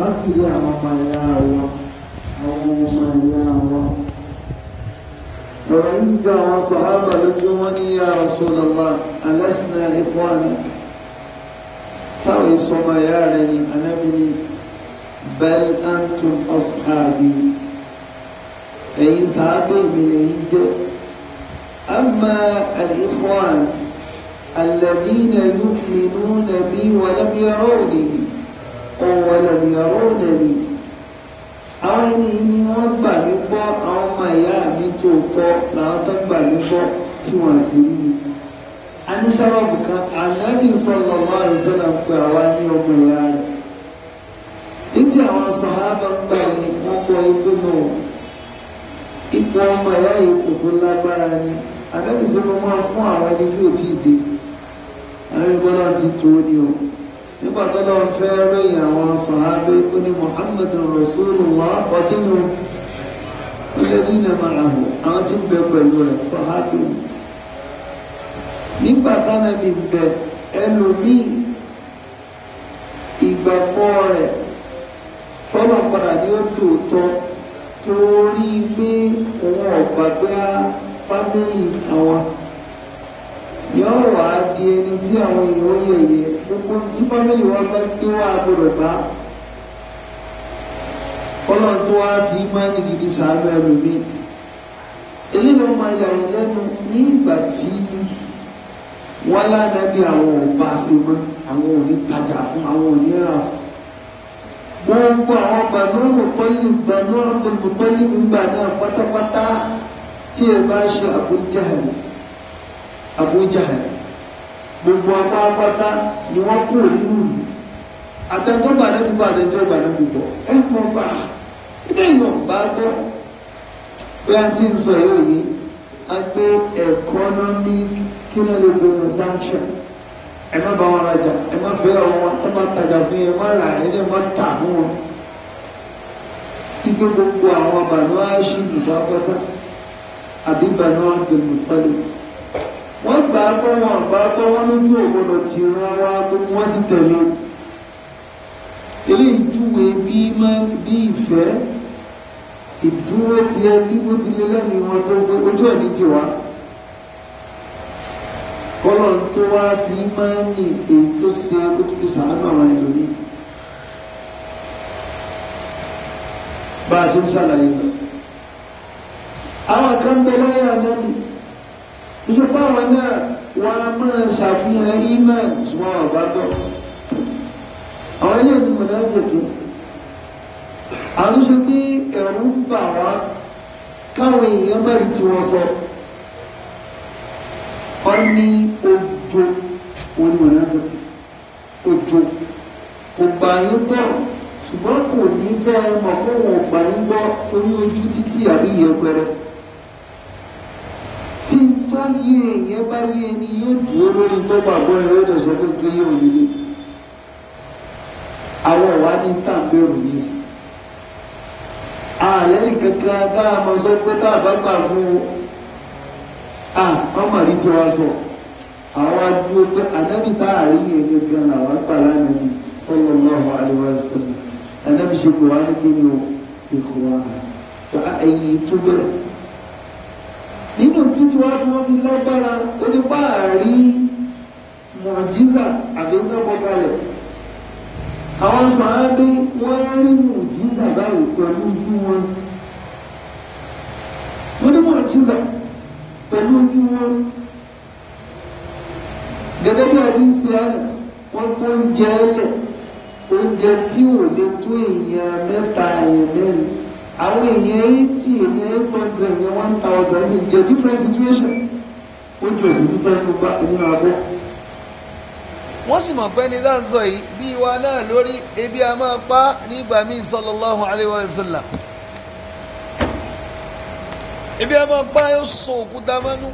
bá sì rí àwọn ọmọ ìyá wọn àwọn ọmọ ìyá wọn. ọ̀rọ̀ yìí jọ àwọn sàhábà lójú wọn ní ya Rasulullah alasna ikhwanik táwọn ìsọmọ ìyá rẹ̀ ní anábìnrin bal antum ashabi ẹ̀yin sàábà mi ẹ̀yin jẹ́ amma al-ikhwan alladhina yu'minuna bi wa lam yarawni ọ̀wọ̀lẹ̀ ìyàwó òdẹ̀lì àwọn ẹni yìí ni wọ́n gbà mí gbọ́ àwọn ọmọ ìyá mi tó tọ́ làwọn tó gbà mí gbọ́ tí wọ́n sì rí mi. a ní sọ́rọ́ọ̀fù kan ànábì sọ̀lọ̀ márùn sọ́lá ń pè àwa ní ọmọ ìyá rẹ̀. etí àwọn sọ̀hábà ń gbà ní wọ́n kọ ikú náà ipò ọmọ ìyá ipò tó lágbára ni ànábì sọ́lọ́ máa fún àwọn ẹni tí ò tí ì dé àwọn ẹni gbọ́dọ̀ ti tó ní ọ̀hún. nígbà tó lọ fẹ́ ròyìn àwọn sàhábé kó ní àwọn tí ń bẹ pẹ̀lú rẹ̀ sàhábé bẹ ẹlòmíì ìgbàgbọ́ rẹ̀ tọ́lọ̀ padà ní pé òun fámìlì àwọn. yóò wá di ẹni tí àwọn èèyàn ó yẹ̀yẹ́ gbogbo tí fámìlì wọn bá gbé wá gbọdọ̀ bá ọlọ́run tó wá fi máa ní gidi sàánú ẹlòmíì eléyìí wọn máa yà wọn lẹ́nu ní ìgbà tí wọn lánàbí àwọn ọba ṣe mọ àwọn òní tajà fún àwọn òní rà fún gbogbo àwọn gbanúrò pọ́lì gbanúrò pọ́lì gbígbà náà pátápátá tí ẹ bá ṣe Abu Jahal abujahal gbogbo apáapáta ni wọ́n kúrò nínú ìlú àtẹjọba àdébùbọ àtẹjọba àdébùbọ ẹ mọ bá lẹ́yìn ọba gbọ́ bí a ti ń sọ èyí a gbé economic kí ló lè gbé wọn sanction ẹ má bá wọn rajà ẹ má fẹ́ ọwọ́ wọn ẹ má tajà fún yẹn ẹ má rà ẹ má tà fún wọn ike gbogbo àwọn bànú àṣìbù bá pátá àbí bànú àgbẹ̀mùpálẹ̀ wọ́n gbà á gbọ́ wọn gbà á gbọ́ wọn lójú ògbọ́dọ̀ ti ran wa gbogbo wọn sì tẹ̀lé eléyìí júwe bí bí ìfẹ́ ìdúró ti ẹ bí wọ́n ti lé lẹ́nu wọn tó gbé ojú ẹ̀mí ti wá kọ́lọ̀ tó wá fi máa ń ní èyí tó ṣe kó sàánú àwọn ẹlòmíì bá a ṣe ń ṣàlàyé lọ àwọn kan bẹ lọ́yà náà ìṣòpá wọn náà wọn a máa ṣàfihàn iman ṣùgbọ́n ọ̀gá bọ̀ àwọn ilé ìlú mọ̀nàfòkì àwọn tó ṣe pé ẹ̀rù ń bà wá káwọn èèyàn mẹ́rin tí wọ́n sọ wọ́n ní ojo wọn ni mọ̀nàfòkì ojo kò gbà yín gbọ́ ṣùgbọ́n kò ní fẹ́ ọmọ kó wọn gbà yín gbọ́ torí ojú títí àbí ìyẹn pẹrẹ tí tọ́lé èèyàn bá lé ẹni yóò dúró lórí tó gbàgbọ́ ẹ̀ yóò sọ pé kí yóò lé àwọn ìwà ní tàbẹ̀rù ní sí ààlẹ́ nìkankan bá a mọ̀ sọ pé tá a bá gbà fún à ọmọ rí tí wọ́n sọ àwọn adúró pé ànábì tá a rí yẹn gẹ́gẹ́ làwọn gbà lánàá ní sallallahu alaihi wasallam ànábì ṣe kò wá ní kí ni o ìkọ̀wá ẹ̀yìn tó bẹ́ẹ̀ nínú títí wá tí wọ́n fi lágbára ó ní páàrí mọ̀jísà àbí tọ́kọ̀balẹ̀ àwọn sọ̀hábí wọ́n rí mọ̀jísà báyìí pẹ̀lú ojú wọn wọ́n ní mọ̀jísà pẹ̀lú ojú wọn gẹ́gẹ́ bí àdísí alex wọ́n kó oúnjẹ ẹlẹ̀ oúnjẹ tí ò lè tó èèyàn mẹ́ta èèyàn mẹ́rin àwọn èèyàn eighty èèyàn eight hundred èèyàn one thousand sí jẹ́ different situation ó jù sí fún pẹ́ẹ́nù bá inú abọ́. wọ́n sì mọ̀ pé ní dáńsọ yìí bí ìwà náà lórí ebi a máa pa ní ìgbà míì sallallahu alaihi wa sallam ebi a máa pa yóò so òkúta mọ́nú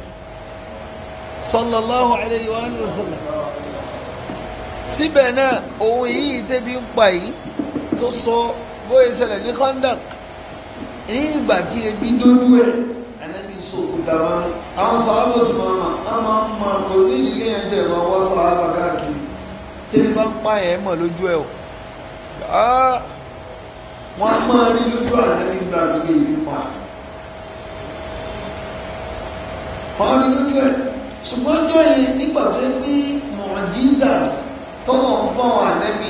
sallallahu alaihi wa sallam síbẹ̀ náà òun yìí débi ń pa yìí tó sọ bóyá ìṣẹ̀lẹ̀ ní khandak ní ìgbà tí ebi ń dójú ẹ̀ ànábi sọ òkúta máa ń àwọn sàábà sì máa mà á máa ń mọ kò ní ìdílé yẹn tẹ̀ máa wá sàábà káàkiri tẹ́lẹ̀ bá ń pa yẹn mọ̀ lójú ẹ̀ o wọ́n á máa rí lójú ànábi gbà lókè yìí pa wọ́n rí lójú ẹ̀ ṣùgbọ́n jọ yẹn nígbà tó ń pín mọ̀ Jesus tọ́lọ̀ ń fọ́n ànábi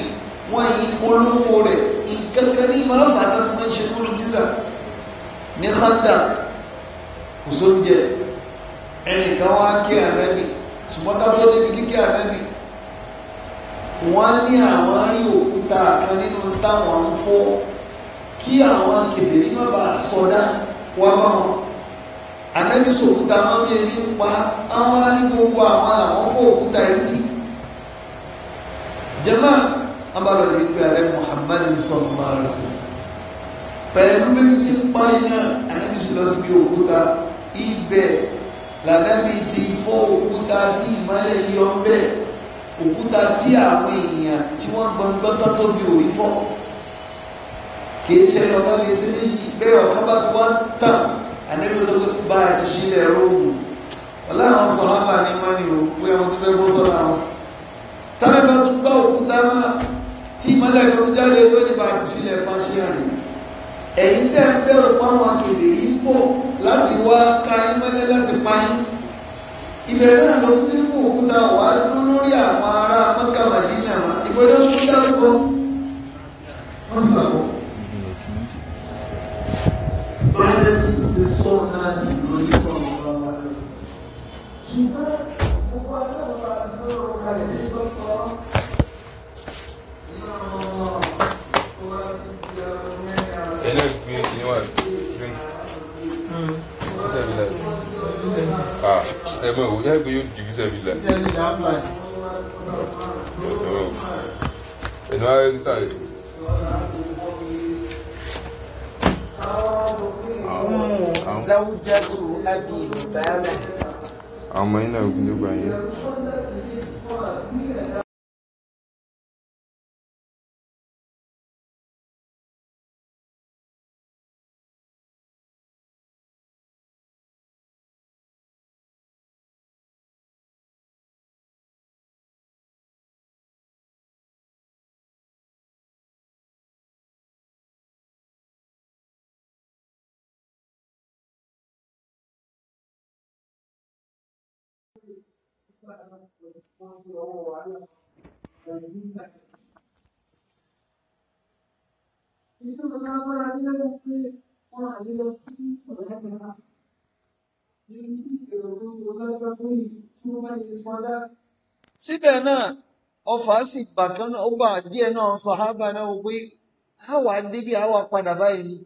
wọ́n yí polówó rẹ̀ nǹkan kan ní máa fà á tó máa kúrò Jesus ní kọ́ńdà kò sóúnjẹ ẹnìkan wá kí ànábì ṣùgbọ́n ká tó débi kíkí ànábì wọ́n ní àwọn rí òkúta kan nínú táwọn ń fọ́ kí àwọn kèbèrè má bàa sọdá wá bá wọn ànábì sọ òkúta wọn bí ebi ń pa àwọn ní gbogbo àwọn làwọn fọ́ òkúta etí jẹ́mà abalọ̀ lè pe ààrẹ Muhammadu sọ̀rọ̀ máa rẹ̀ sọ̀rọ̀ pẹ̀lú bíbí tí ń pọ́n iná ànábì sí lọ síbi òkúta ibẹ̀ làdábì ti fọ́ òkúta tí ìmọ́lẹ̀ yọ bẹ́ẹ̀ òkúta tí àwọn èèyàn tí wọ́n gbọ́n gbọ́tọ́ tóbi òrí fọ́ kìí ṣe ọba lè ṣe méjì bẹ́ẹ̀ ọ̀ká bá ti wá tàn ànábì sọ pé bá a ti ṣílẹ̀ róòmù ọ̀làwọn sọ̀rọ̀ àbà ní wọ́n ní o pé àwọn tó fẹ́ bọ́ sọ́ra wọn tàbí bá tún gbá òkúta náà tí ìmọ́lẹ̀ kan jáde ó nípa àti sílẹ̀ pàṣẹ àná ẹ̀yin tẹ́ ń bẹ̀rù páwọn akéde yìí pọ̀ láti wá ka yín mọ́lẹ̀ láti pa yín ìbẹ̀rẹ̀ náà lọ títí fún òkúta wà á dúró lórí àwọn ará mọ́kà màdínà ìgbọ́dọ̀ ń kú dárúkọ wọ́n sì bàbọ̀. báyọ̀ ní ti ṣe sọ náà sì lórí sọ̀rọ̀ ọ̀rọ̀ You know, green, Hmm. What's Ah, that boy, we have to use the visa villa. Visa villa, fly. Oh, oh. You know, I started. Zawjatu Abi Bala. Ama ina wọ́n fi ọwọ́ wàhálà pẹ̀lú nígbà itu mengapa dia mesti orang dia mesti sebenarnya kenal. Mesti kalau mengapa pun cuma di sana. Síbẹ̀ náà, ọfà sì bàkan náà, ó bá díẹ̀ náà sọ̀hábà náà wò pé àwa débi àwa padà báyìí ni.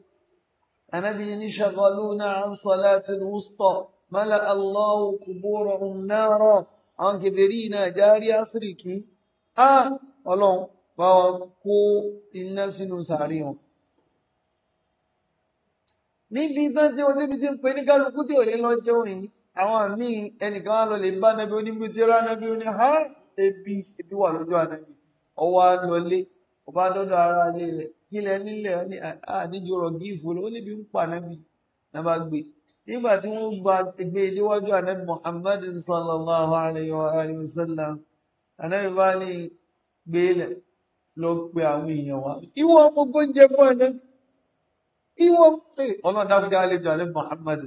Ànábi ní ṣàkọlù náà ń sọ láti wùsọ̀, mọ́lá Allahu kùbúrọ̀ náà rọ̀. àwọn kèfèrí iná na rí àṣírí kí á ọlọ́run bá wọn ni iná sínú sàárì wọn. níbi tán tí ti ń pe ní kálukú tí ò lè lọ jẹun yìí àwọn míì ẹnìkan wá lọ lè bá nàbí oníbi ha ebi ebi wà lójú ànàbí ọwọ́ ọba dọ́dọ̀ ara ilé rẹ̀ kílẹ̀ nílẹ̀ nígbà tí wọ́n gba gbé níwájú anabi muhammad sallallahu alayhi wa alayhi wa sallam anabi bá ní gbélẹ̀ e lọ pe àwọn èèyàn wa ìwọ gbogbo ń jẹ fún ẹni ìwọ pé ọlọ́dà fún àlejò anabi muhammad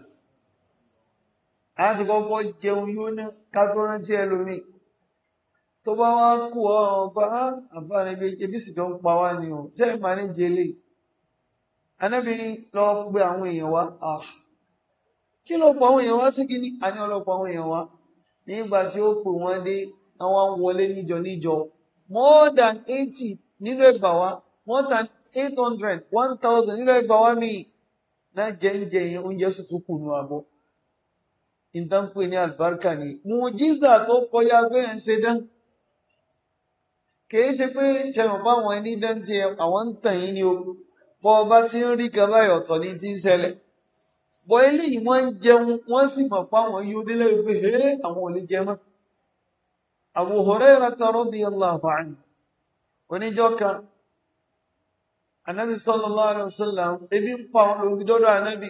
a ti kọ́kọ́ jẹun yóò ní kátólán tí ẹlòmíì tó bá wá kú ọ ọba kí ló pọ̀ àwọn èèyàn wá sí kíní àní ọlọ́pọ̀ àwọn èèyàn wá nígbà tí ó pè wọ́n dé àwọn wọlé níjọ níjọ more than eighty nínú ẹgbàá wa more than eight hundred one thousand nínú ẹgbàá wa míì náà jẹ́njẹ́ yẹn oúnjẹ sùtù kù nù abọ́ nǹkan pè ní àlùbáríkà ni mùjísà tó kọjá bẹ́ẹ̀ ń ṣe dán kìí ṣe pé ṣẹ̀wọ̀n báwọn ẹni dán tiẹ̀ àwọn ń tàn yín ni o bọ́ ọba tí ń rí kan báyìí ọ̀tọ̀ ní ti ń ṣẹlẹ̀ bọ̀ eléyìí wọ́n ń jẹun wọ́n sì mọ̀ pa àwọn yóò délé pé hé àwọn ò lè jẹ mọ́ Abu Hurairah radiyallahu anhu oníjọ́ kan anabi sallallahu alaihi wasallam ebi ń pa àwọn lòmí dọ́dọ̀ anabi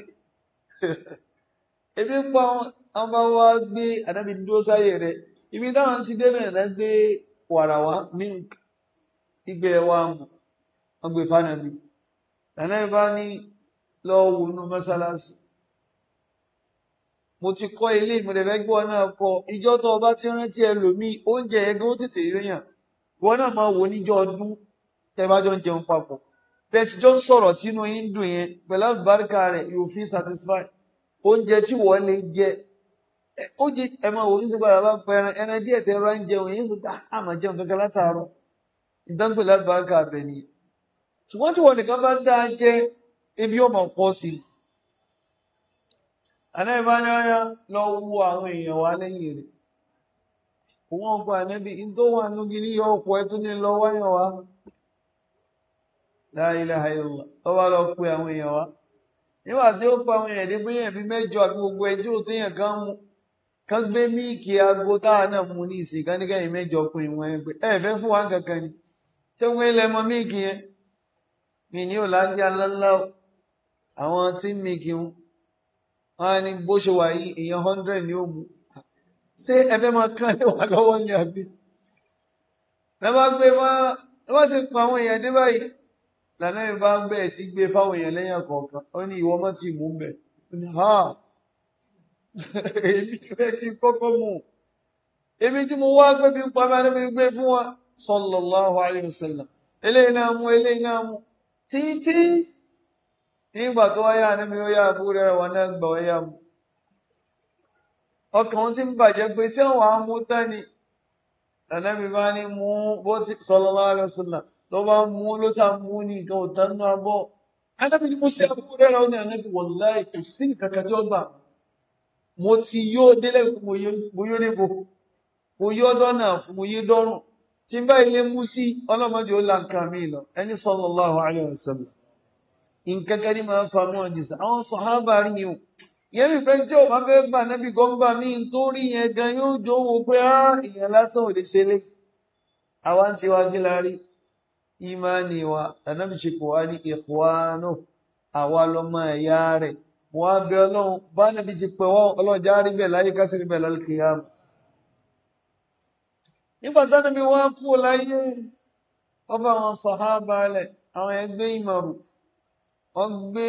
ebi ń pa àwọn bá wá gbé anabi dúró sáyé rẹ̀ ibi táwọn ti débẹ̀ rẹ̀ gbé wàràwá milk ìgbẹ́ wa mu wọ́n fanabi anabi bá ní lọ́wọ́ wọnú mọ́sálásí mo ti kọ́ ilé mo dẹ̀ fẹ́ gbọ́ náà kọ ìjọ tó o bá ti rántí ẹlòmíì oúnjẹ yẹn gan tètè ríyàn wọn náà máa wò níjọ ọdún tẹ́ bá jọ ń jẹun papọ̀ bẹ́ẹ̀ tí jọ ń sọ̀rọ̀ tínú yín dùn yẹn pẹ̀lú àlùbáríkà rẹ̀ yóò fi satisfy oúnjẹ tí wọ́n lè jẹ ó jẹ ẹ máa wò ó sígbà bàbá pẹran ẹran díẹ̀ tẹ́ ra jẹun yín sùn àmọ́ ah, jẹun kankan látàárọ̀ ìdánpẹ̀lú àlùbáríkà bẹ̀ nìyẹn ṣùgbọ́n tí wọn nìkan bá dá jẹ ebi ọmọ pọ̀ sí i ana ní ọyá lọ wo àwọn èèyàn wa ụmụ rẹ̀ wọ́n gba ànábì tó wà núgi ní ọ̀pọ̀ ẹ̀ tó ní lọ wáyàn wa la ilaha illallah ó wá lọ pe àwọn èèyàn wa nígbà pa àwọn èèyàn dé bí èèyàn bí mẹ́jọ àbí gbogbo ẹjọ́ ya yàn kan ka kan gbé míìkì aago táwa náà mú ní ìsìn kan nígbà wa mi wọn ni bó ṣe wà yìí èèyàn hundred ni ó mú ṣé ẹ fẹ́ máa kán lé wa lọ́wọ́ ní àbí ẹ bá gbé má ẹ bá ti pa àwọn èèyàn dé báyìí lànà mi bá ń bẹ̀ sí gbé fáwọn èèyàn lẹ́yìn kọ̀ọ̀kan ó ní ìwọ má ti mú bẹ̀ èmi fẹ́ kí n kọ́kọ́ mú èmi tí mo wá gbé bí pa bá mi gbé fún wa sallallahu alaihi eléyìí náà mú eléyìí náà mú títí nígbà tó wáyà anábì ló yà àbúrò rẹ̀ wọn náà gbà wáyà mu ọkàn wọn ti ń bàjẹ́ pé ṣé àwọn amúta ni anábì bá ní mú bó ti sallallahu alaihi wasallam ló bá mú ló sá mú ní nǹkan òtán náà bọ̀ anábì ni mo ṣe àbúrò rẹ̀ wọn ní anábì wallahi kò sí nǹkan kan tí ó gbà mo ti yó délẹ̀ mo yó níbo mo yó dọ́nà fún mo yé dọ́rùn tí n bá ilé mú sí ọlọ́mọdé ó la nǹkan mi ẹni sallallahu alaihi wasallam nǹkan kan ní máa ń fa mọ́ àjẹsà àwọn sàhábà rí yìí o ìyẹn mi pé tí o bá fẹ́ gbà nábì gọ́ngbà mí tó rí yẹn gan yóò jówó pé á èèyàn lásán ò lè ṣe lé àwa ń tiwa kí la rí ìmánì wa tànàbì ṣe kò wá ní ikhwanu àwa lọ́mọ ẹ̀yà rẹ̀ wọ́n á bẹ ọlọ́run bá nàbí ti pẹ̀ wọ́n ọlọ́jà rí bẹ̀ láyé ká rí bẹ̀ lálùkìyàmù nígbà tánàbí wọ́n á kú láyé ọba àwọn ẹgbẹ́ ìmọ̀ràn wọ́n gbé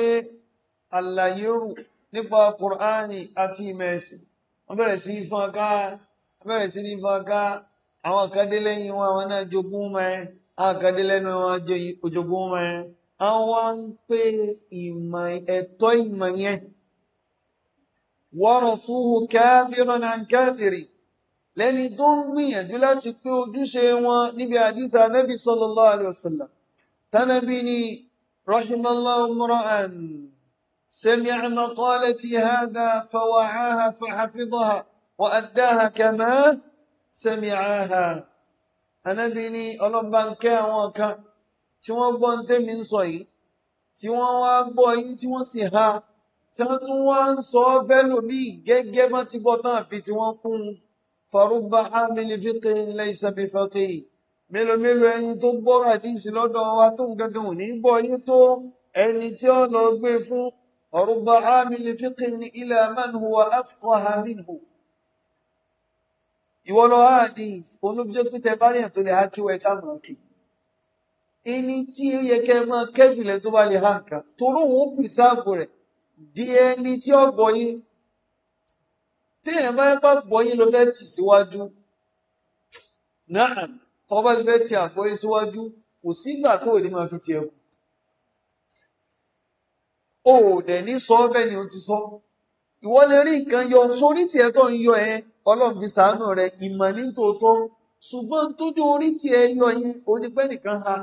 àlàyé rù nípa kùránì àti ìmẹ̀ẹ̀sì wọ́n bẹ̀rẹ̀ sí fún aká bẹ̀rẹ̀ sí ní fún aká àwọn àkàdé lẹ́yìn wọn àwọn náà jogún mẹ́ àwọn àkàdé lẹ́nu wọn jogún mẹ́ àwọn ń pè ìmọ̀ ẹ̀tọ́ ìmọ̀ yẹn wọ́rọ̀ fúhu kábíràn náà kábírì lẹ́ni tó ń gbìyànjú láti pé ojúṣe wọn níbi àdìta anábì sallallahu alaihi wasallam tánábì ni رحم الله امرأ سمع مقالتي هذا فوعاها فحفظها وأداها كما سمعاها أنا بني ألم بانكا وكا تيوا بنت من صي تيوا بوي تيوا سيها تاتوا سو فلو مي جيجي ما تيبوتا في تيوا كون فرب عامل فقه ليس بفقيه mélòó mélòó ẹni tó gbọ́ àdísì lọ́dọ̀ wa tó ń gẹ́gẹ́ òní gbọ́ yí tó ẹni tí ó lọ gbé fún ọ̀rùbá ámìlì fíkìní ilẹ̀ amánhuwa afqaha minhu ìwọ́lọ àdísì olóbíjẹ́ pítẹ bárẹ̀ tó lè hákíwẹ̀ sáàmùkì ẹni tí ó yẹ kẹ́ mọ́ kẹ́gùlẹ̀ tó bá lè há nǹkan toró òun pìsáàbù rẹ̀ di ẹni tí ó gbọ́ yí tí èèyàn bá gbọ́ yí lọ fẹ́ tì síwájú náà ọmọ bá ti fẹ́ ti àpọ́yé síwájú kò sígbà tó ní máa fi ti ẹkù o ò dẹ̀ ní sọ bẹ́ẹ̀ ni o ti sọ ìwọ lè rí nǹkan yọ sórí tiẹ̀ tó ń yọ ẹ ọlọ́run fi sàánú rẹ ìmọ̀ ní tòótọ́ ṣùgbọ́n tójú orí tiẹ̀ yọ yín onípẹ́ nìkan ha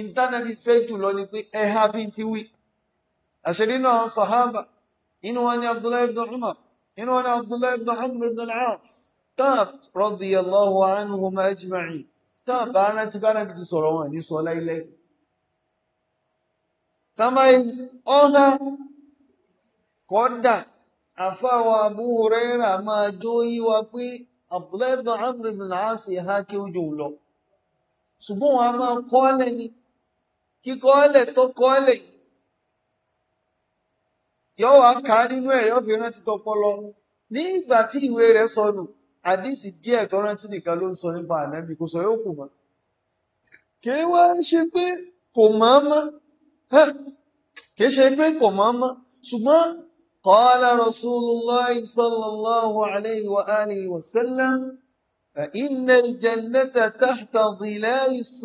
ìntánẹ́bí fẹ́ jùlọ ni pé ẹ ha bí ti wí àṣírí náà sàhábà inú wọn ni Abdullahi ibn Umar inú wọn ni Abdullahi ibn Amr ibn al-As tán radiyallahu anhum ajma'in tán bá rántí bá rántí ti sọ̀rọ̀ wọn ní sọ láíláí tàmáyé ọ̀há kọ́dà àfáwà Abu Hurairah máa jó yíwa pé Abdullah ibn Amr ibn al-As ha kí ó jò lọ ṣùgbọ́n wọn a máa kọ́lẹ̀ ni kíkọ́lẹ̀ tó kọ́lẹ̀ yóò wá ká nínú ẹ̀ yóò fi rántí tọpọlọ ní ìgbà tí ìwé rẹ̀ sọnù àdísì díẹ̀ tó rántí nìkan ló ń sọ nípa ànábì kò sọ yóò kù mọ́ kì í wá ṣe pé kò mọ́ mọ́ kì í ṣe pé kò mọ́ mọ́ ṣùgbọ́n qala rasulullah sallallahu alayhi wa alihi wa sallam inna jannata tahta dhilali as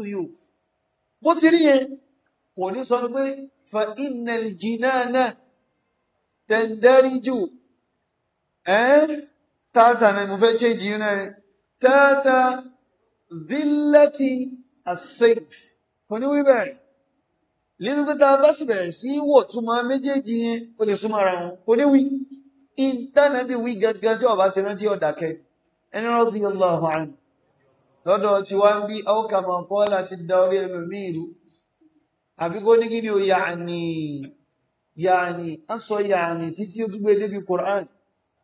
bó ti rí yẹn kò ní sọ pé fa inna al-jinana tààtà náà mo fẹ́ change yín náà tààtà dílẹ́tì àṣeyìf oníwí bẹ̀rẹ̀ nínú pé tá a bá sì bẹ̀rẹ̀ sí wò túmọ̀ méjèèjì yẹn ó lè súnmọ́ ara wọn oníwí ìtànàbí wí gangan tí ọba ti rántí ọ̀dàkẹ́ ẹni rọ́ọ̀dì ọlọ́ọ̀hún àrùn lọ́dọ̀ tí wá ń bí ọkàmọ̀ kọ́ láti da orí ẹnu mí ìlú àbí kó ní kí ni o yàní yàní a sọ yàní títí ó dúgbé débi Qur'an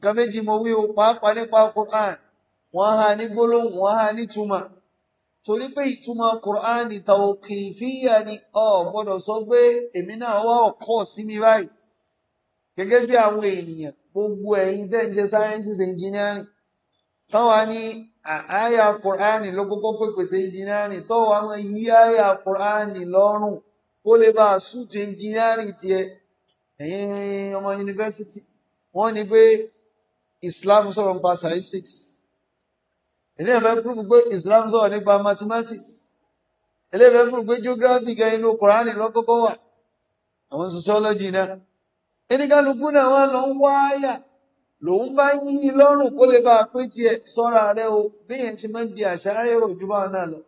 nǹkan méjì mo wí o pàápàá nípa Quran wọ́n há ní gbólóhùn wọ́n há ní túmọ̀ torí pé ìtumọ̀ Quran tawqifiyya ni ọ gbọ́dọ̀ sọ pé èmi náà wá ọkọ̀ sí mi báyìí gẹ́gẹ́ bí àwọn ènìyàn gbogbo ẹ̀yin tẹ́ ń ṣe sciences engineering táwa ní àyà Quran ló kọ́kọ́ pèpè sí engineering tọ́wọ́ àwọn yí àyà Quran lọ́rùn kó lè bá a sùtù engineering tiẹ̀ ẹ̀yin ọmọ yunifásitì wọ́n ní pé Islam sọ̀rọ̀ nípa statistics ilé ìfẹ́ púpù pé Islam sọ̀rọ̀ nípa mathematics ilé ìfẹ́ púpù pé geography gan inú Kùránì lọ́kọ́kọ́ wà àwọn sociology náà ẹnìkálukú náà wọn lọ ń wáyà lòun bá yí lọ́rùn kó lè bá a pé tiẹ̀ sọ́ra rẹ o béèyàn ṣe máa ń di àṣà ayé òjú bá náà lọ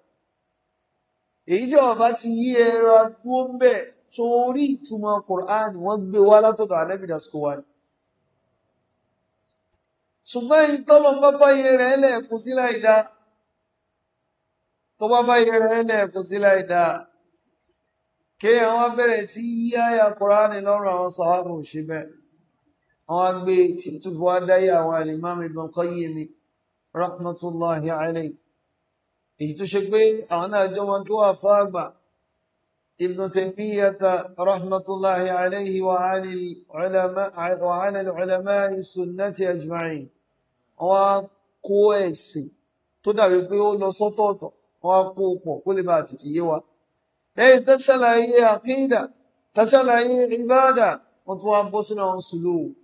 èyí tí ọba ti yí ẹra dúró torí ìtumọ̀ Kùránì wọ́n gbé wá látọ̀dọ̀ àlẹ́bìdàsíkò wa ṣùgbọ́n yìí tọ́lọ̀ bá fáyé rẹ̀ lẹ̀ kò sí láìdá tó bá fáyé rẹ̀ lẹ̀ kò sí láìdá kí àwọn bẹ̀rẹ̀ tí yíyáyà Kùránì lọ́rùn àwọn sàhábà òṣè bẹ́ẹ̀ àwọn agbé títúbọ̀ adáyé àwọn al-Imam Ibn Qayyim rahmatullahi alayhi èyí tó ṣe pé àwọn náà jọ wọn kí wọ́n afọ́ àgbà ابن تيمية رحمة الله عليه وعن العلماء وعن العلماء السنة أجمعين وكويسي تدعي بيقول صوتوتو وكوكو كل ما تتيوا أي تشلعي عقيدة تشلعي عبادة وتوابوسنا سلوك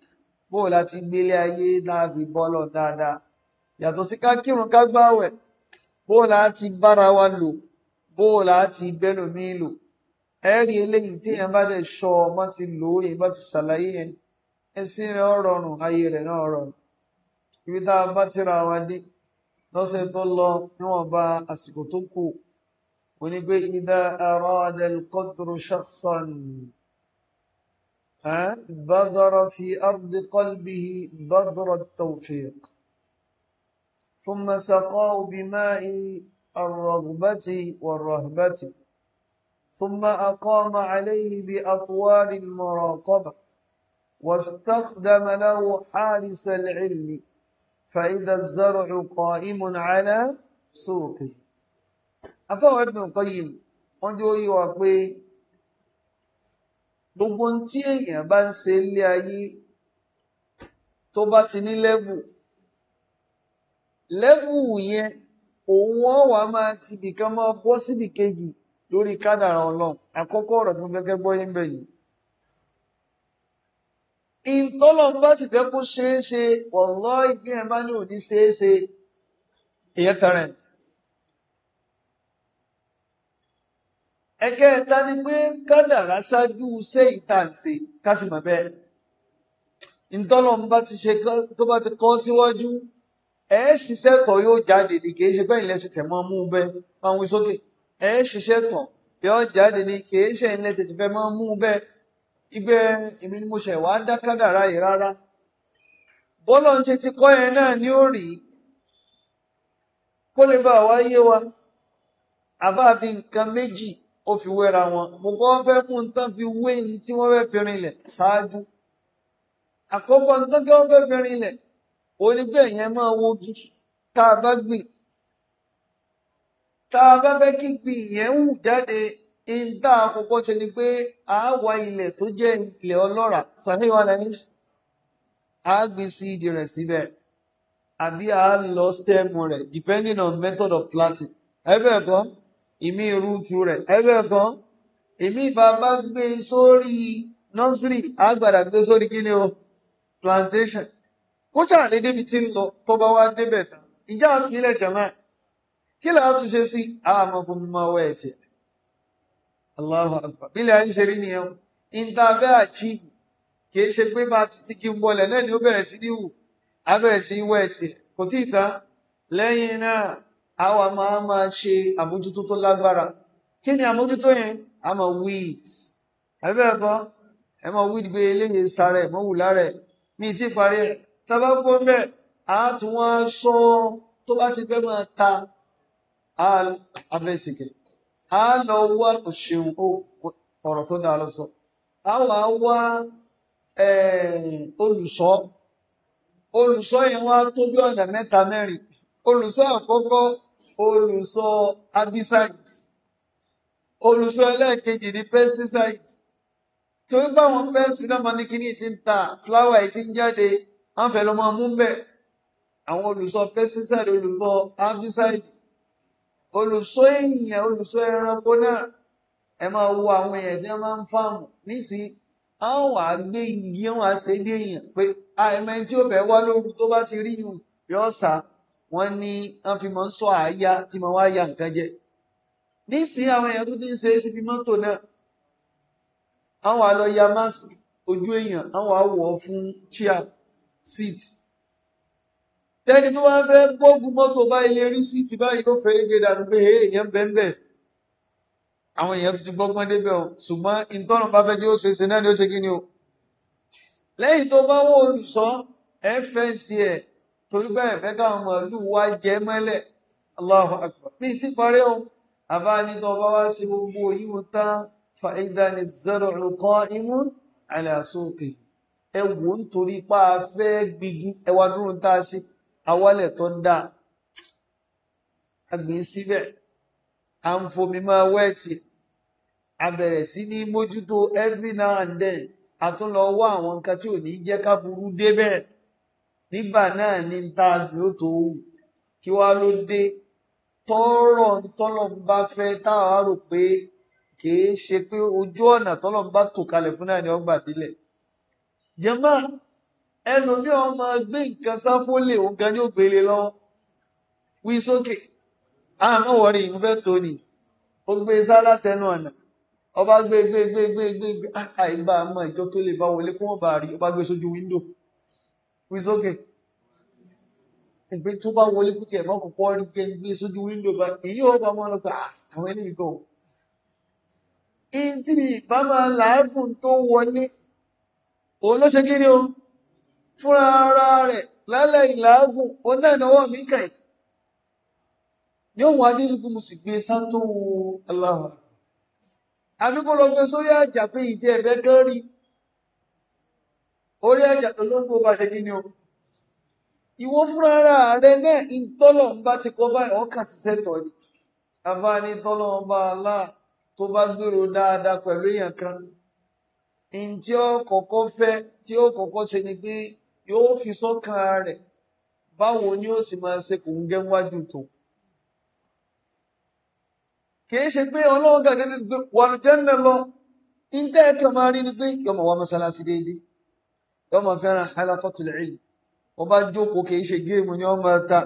بولا تنبيلي أي نافي بولو دادا yàtọ̀ sí ká kírun ká gbáwẹ̀ bóòlà ti bára wa lò bóòlà ti bẹ́lòmí ẹ̀rí eléyìí téèyàn bá dẹ̀ sọ ọmọ ti lò ó yìí bá ti ṣàlàyé yẹn ẹsìn rẹ̀ rọrùn ayé rẹ̀ náà rọrùn ibi tá a bá ti ra wa dé lọ́sẹ̀ tó lọ níwọ̀nba àsìkò tó kù ó ní pé idha arada al-qadru fi ardi qalbihi badara at-tawfiq thumma saqahu bima'i ar-raghbati war ثم أقام عليه بأطوال المراقبة واستخدم له حارس العلم فإذا الزرع قائم على سوقه أفوى ابن القيم ọjọ́ yìí wà pé gbogbo ohun tí èèyàn bá ń ṣe ilé ayé tó bá ti ní lẹ́bù lẹ́bù yẹn òun ọ̀ wá máa ti bìkan máa bọ́ síbìkejì lórí kádàrà ọlọ́run àkọ́kọ́ ọ̀rọ̀ tí mo fẹ́ kẹ́ gbọ́ yín bẹ̀ yìí. ìtọ́lọ́n bá sì fẹ́ kó ṣeé ṣe ọ̀lọ́ ìgbín ẹ̀ bá ní òní ṣeé ṣe ìyẹn tẹ̀rẹ̀. ẹgẹ́ ẹ̀ta ni pé kádàrà ṣáájú ṣé ìtànṣe kásìmọ̀ bẹ́ẹ̀. ìtọ́lọ́n bá ti ṣe tó bá ti kọ́ síwájú ẹ̀ ṣiṣẹ́ tọ̀ yóò jáde ní kì í ṣe bẹ́ẹ̀ ilẹ̀ ṣe ẹ ṣiṣẹ́ tán yọ jáde ní kìí ṣe ilé máa mú igbe èmi ni mo ṣe wá dákàdàrá yìí rárá bọ́lọ̀ ń ṣe ti kọ́ ẹ náà ní ó kó lè bá wa yé wa méjì ó fi wọn mo kọ́ fẹ́ mú fi wé ní tí wọ́n fẹ́ fi rinlẹ̀ ṣáájú àkọ́kọ́ nǹkan wọ́n fẹ́ fi rinlẹ̀ onígbẹ̀yẹn máa tá a bá gbìn tá a bá fẹ́ kí gbin ìyẹn ń wù jáde ń tá ṣe ni pé a wá ilẹ̀ tó jẹ́ ilẹ̀ ọlọ́ràá sàfihàn lẹ́yìn a gbin síìdì rẹ̀ síbẹ̀ àbí a lọ stem rẹ̀ depending on method of planting ẹbẹ̀ kan ìmí rútu rẹ̀ ẹbẹ̀ kan ìmí bàbá gbé sórí nursery àgbàdà gbé sórí kíni o plantation kó ṣàlẹ́ débi tí ń lọ tó bá wá débẹ̀ tán ìjà àfilẹ̀ jẹ̀máà kí làá tún ṣe sí àwọn ah, Allahu Akbar bílẹ̀ à ń ṣe rí nìyẹn ìntàbẹ́ àchíìfù kì í ṣe pé bá títí kí n bọlẹ̀ náà ni ó bẹ̀rẹ̀ sí ní wù á bẹ̀rẹ̀ sí wọ́ ẹ̀ tiẹ̀ kò tí ì tán lẹ́yìn náà àwa máa máa ṣe àmójútó tó lágbára kí ni àmójútó yẹn a máa wíìd ẹbẹ́ ẹ̀kọ́ ẹ máa wíìd gbé eléyìí sára ẹ̀ mọ́ wù lára ẹ̀ mi ti parí ẹ̀ tá a bá pọ́ bẹ́ẹ̀ àá tún wá sọ ti fẹ́ máa ta abẹ́sìkẹ́ a lọ wá òṣèun ọ̀rọ̀ tó dáa lọ sọ a wà wá olùsọ eh, olùsọ yẹn wá tó bí ọ̀nà mẹ́ta mẹ́rin olùsọ àkọ́kọ́ olùsọ herbicide olùsọ ẹlẹ́ẹ̀kejì ní pesticide torí báwọn pẹ́ẹ́sì náà máa ní kíní ti ń ta fúláwà ti ń jáde wọ́n fẹ́ lọ́ mú bẹ́ẹ̀ àwọn olùsọ pesticide olùsọ herbicide olùsọ èèyàn olùsọ ẹranko náà ẹ máa wo àwọn èèyàn tí wọ́n máa ń fáàmù nísìnyí àwọn àgbé igi wọn á ṣe dé èèyàn pé àìmọ tí ó fẹ́ wá lóru tó bá ti rí yùn yọ sá wọn ni wọn fi máa ń sọ àáyá tí máa wá ya nǹkan jẹ nísìnyí àwọn èèyàn tó ti ń ṣe é síbi mọ́tò náà àwọn àlọ́ ya máàsì ojú èèyàn àwọn àwọ̀ fún chair seat tẹ́ni tó máa ń fẹ́ gbógun mọ́tò bá ilé rí sí ti báyìí ó fẹ́ gbé dànù pé èèyàn bẹ́ẹ̀ àwọn èèyàn ti gbọ́gbọ́n débẹ̀ o ṣùgbọ́n ìtọ́nà bá fẹ́ kí ó ṣe ṣe náà ni ó ṣe kí ni o lẹ́yìn tó bá wọ́n olùṣọ́ ẹ fẹ́ǹsì ẹ̀ torí bẹ́ẹ̀ fẹ́ káwọn màálù wá jẹ mọ́lẹ̀ Allahu Akbar bíi ti parí o àbá ní tó bá wá sí gbogbo yíwọ tán fa ìdáni zero nǹkan imú àlàsókè ẹ wò ń torí pa afẹ́ gbígi ẹwà dúró ń tá a ṣe awálẹ̀ tó ń dà agbìn síbẹ̀ à ń fomi máa wẹ́ẹ̀tì a bẹ̀rẹ̀ sí ní mójútó every now and then a tún lọ wá àwọn nǹkan tí ò ní jẹ́ ká burú débẹ̀ nígbà náà ní ta ló tó wù kí wá ló dé tọ́rọ̀ tọ́lọ̀ ń bá fẹ́ táwa rò pé kìí ṣe pé ojú ọ̀nà tọ́lọ̀ ń bá tò kalẹ̀ fún náà ni ọgbà délẹ̀ jẹ́mọ́ ẹlòmí ọmọ gbé nǹkan sá fólè òun gan ní ògbélé lọ́wọ́ wí sókè àmọ́ wọ̀rí ìhun fẹ́ tó ni ó gbé sá látẹnu ọ̀nà ọba gbé gbé gbé gbé gbé gbé àìbá àmọ́ ìjọ tó lè bá wọlé kó wọ́n bá rí ọba gbé sójú wíńdò wí sókè ìgbé tó bá wọlé kú tiẹ̀ mọ́kò pọ́ rí jẹ́ gbé sójú wíńdò bá èyí ó bá wọn lọ pé àwọn eléyìí gan o. ìyìn tí ìbámu aláàbùn tó wọlé òun ló ṣe kí ni o. fúnra ara rẹ̀ lálẹ́ ìlàágùn ó náà náwó mi kàn yìí yóò wá nínú mo sì gbé e sátó aláwọ̀ àbí kó lọ gbé e sórí àjà pé ìdí gán rí orí àjà tó ló ń gbó bá ṣe kí ni o fúnra ara rẹ náà ìtọ́lọ̀ ń bá ti kọ́ báyìí wọ́n kà ni àfààní tọ́lọ̀ ń bá aláà tó bá gbèrò dáadáa pẹ̀lú èèyàn kan ní tí ó fẹ́ tí ó kọ́kọ́ ṣe ni pé yóò fi sọ́kàn rẹ̀ báwo ni ó sì máa ṣe kò ń gẹ́ wájú tó kìí ṣe pé ọlọ́run gàdé ní pé wàlùjẹ́nà lọ ìjẹ́ ẹ̀kẹ́ máa rí ni pé yọmọ wa mọ́sálásí déédéé yọmọ fẹ́ràn halaqatul ilm wọ́n bá jókòó kìí ṣe géèmù ni wọ́n máa ta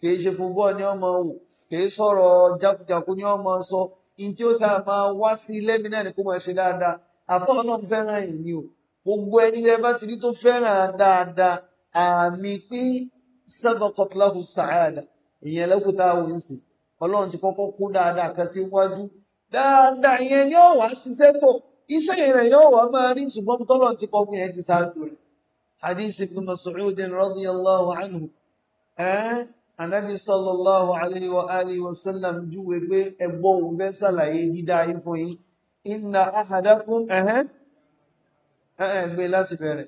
kìí ṣe fúbọ́ọ̀ ni wọ́n máa wò kìí sọ̀rọ̀ jákujàku ni wọ́n máa sọ ìjẹ́ ó sáà máa wá sí lẹ́mìnà ni kó máa ṣe dáadáa àfọ́ ọlọ́run fẹ́ràn yìí ni o gbogbo ẹni ẹ bá ti rí tó fẹ́ràn dáadáa àmì pé sábàkọ̀tìláhùn sàáàdà ìyẹn lẹ́kùtà òǹsì ọlọ́run ti kọ́kọ́ kó dáadáa kan sí iwájú dáadáa ìyẹn ni ó wà ṣiṣẹ́ tó iṣẹ́ ìrìn yóò wà máa rí ṣùgbọ́n tọ́lọ̀ ti kọ́ yẹn ti ṣáájú rẹ̀ hadith ibn Mas'ud radiyallahu anhu anabi sallallahu alayhi wa alihi wa sallam júwe pé ẹgbọ́n òun fẹ́ ṣàlàyé dídá yín fún yín inna ahadakum ẹ̀hẹ́n. آه، بلاتبيري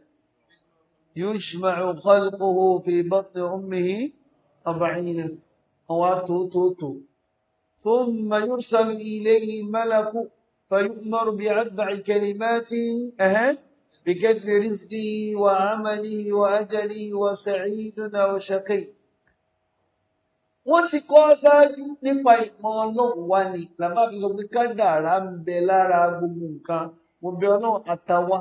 يجمع خلقه في بطن أمه أربعين هو تو تو تو ثم يرسل إليه ملك فيؤمر بأربع كلمات أها بقدر رزقي وعملي وأجلي وسعيد وشقي wọ́n ti kọ́ ṣáájú nípa ìmọ̀ ọlọ́run wá ni làbá fi sọ pé kádàrá ń bẹ lára gbogbo nǹkan mo bẹ ọlọ́run àtàwa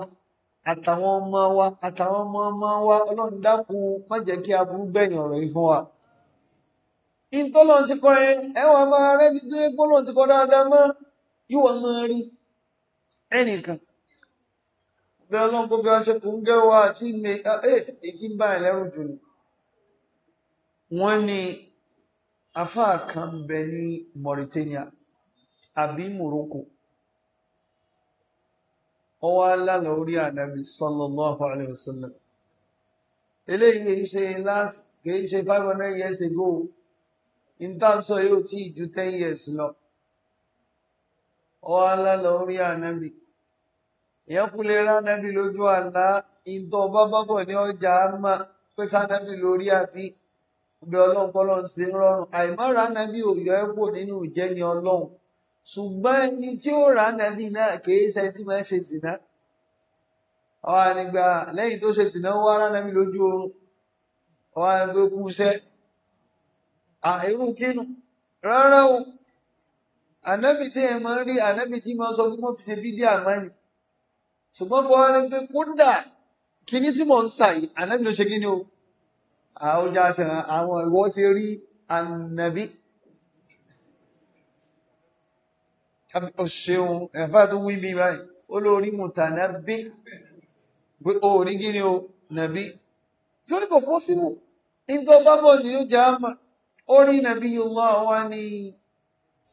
àtàwọn ọmọ wa àtàwọn ọmọ ọmọ wa ọlọ́run dákun má jẹ́ kí aburú gbẹ̀yìn ọ̀rọ̀ yìí fún wa. ìtọ́lọ́run ti kọ́ yẹn ẹwà máa rẹ́ tó yẹ gbọ́lọ́run ti kọ́ dáadáa mọ́ yíwọ máa rí ẹnìkan. bí ọlọ́run kó bí wọ́n ṣe kò ń gẹ́ wa àti ìmẹ̀ ètí ń bá ẹ̀ lẹ́rù jù ni. wọ́n ní afáà kan bẹ ní Mauritania àbí Morocco. ọwọ́ alára orí ànábì sallallahu alaihi wasallam eléyìí ṣe last kìí ṣe five hundred years ago intanso yóò tí ju ten years lọ ọwọ́ alára orí ànábì èèyàn kú lè rán ànábì lójú àlá ìtọ́ bábábọ̀ ní ọjà àmà pé sánábì lórí àbí ibi ọlọ́run kọ́lọ́run sí rọrùn àìmọ́ra ànábì òyọ́ ẹ̀kọ́ nínú ìjẹ́ni ọlọ́run ṣùgbọ́n ẹni tí ó rà nàbí náà kìí ṣe tí máa ṣe zìnà ọwọ́ nígbà lẹ́yìn tó ṣe zìnà ó wá rà nàbí lójú oorun ọwọ́ ẹgbẹ́ kú iṣẹ́ àìrú kínú rárá o ànábì tí ẹ máa ń rí ànábì tí máa sọ fún mọ́fìsẹ́ bídí àmánì ṣùgbọ́n bọ́ wá pé kódà kíní tí mò ń sà yìí ànábì ló ṣe kíní o àwọn ọjà tẹ̀ àwọn ìwọ́ ti rí ànábì o ṣeun ẹ̀fà tó wí bí báyìí olórí mùtànà bí pé o rí gíní o nàbí tí ó ní kò pọ́símù nítorí bá bọ̀ ní ó jẹ́ àmà ó rí nàbí yorùbá wa ní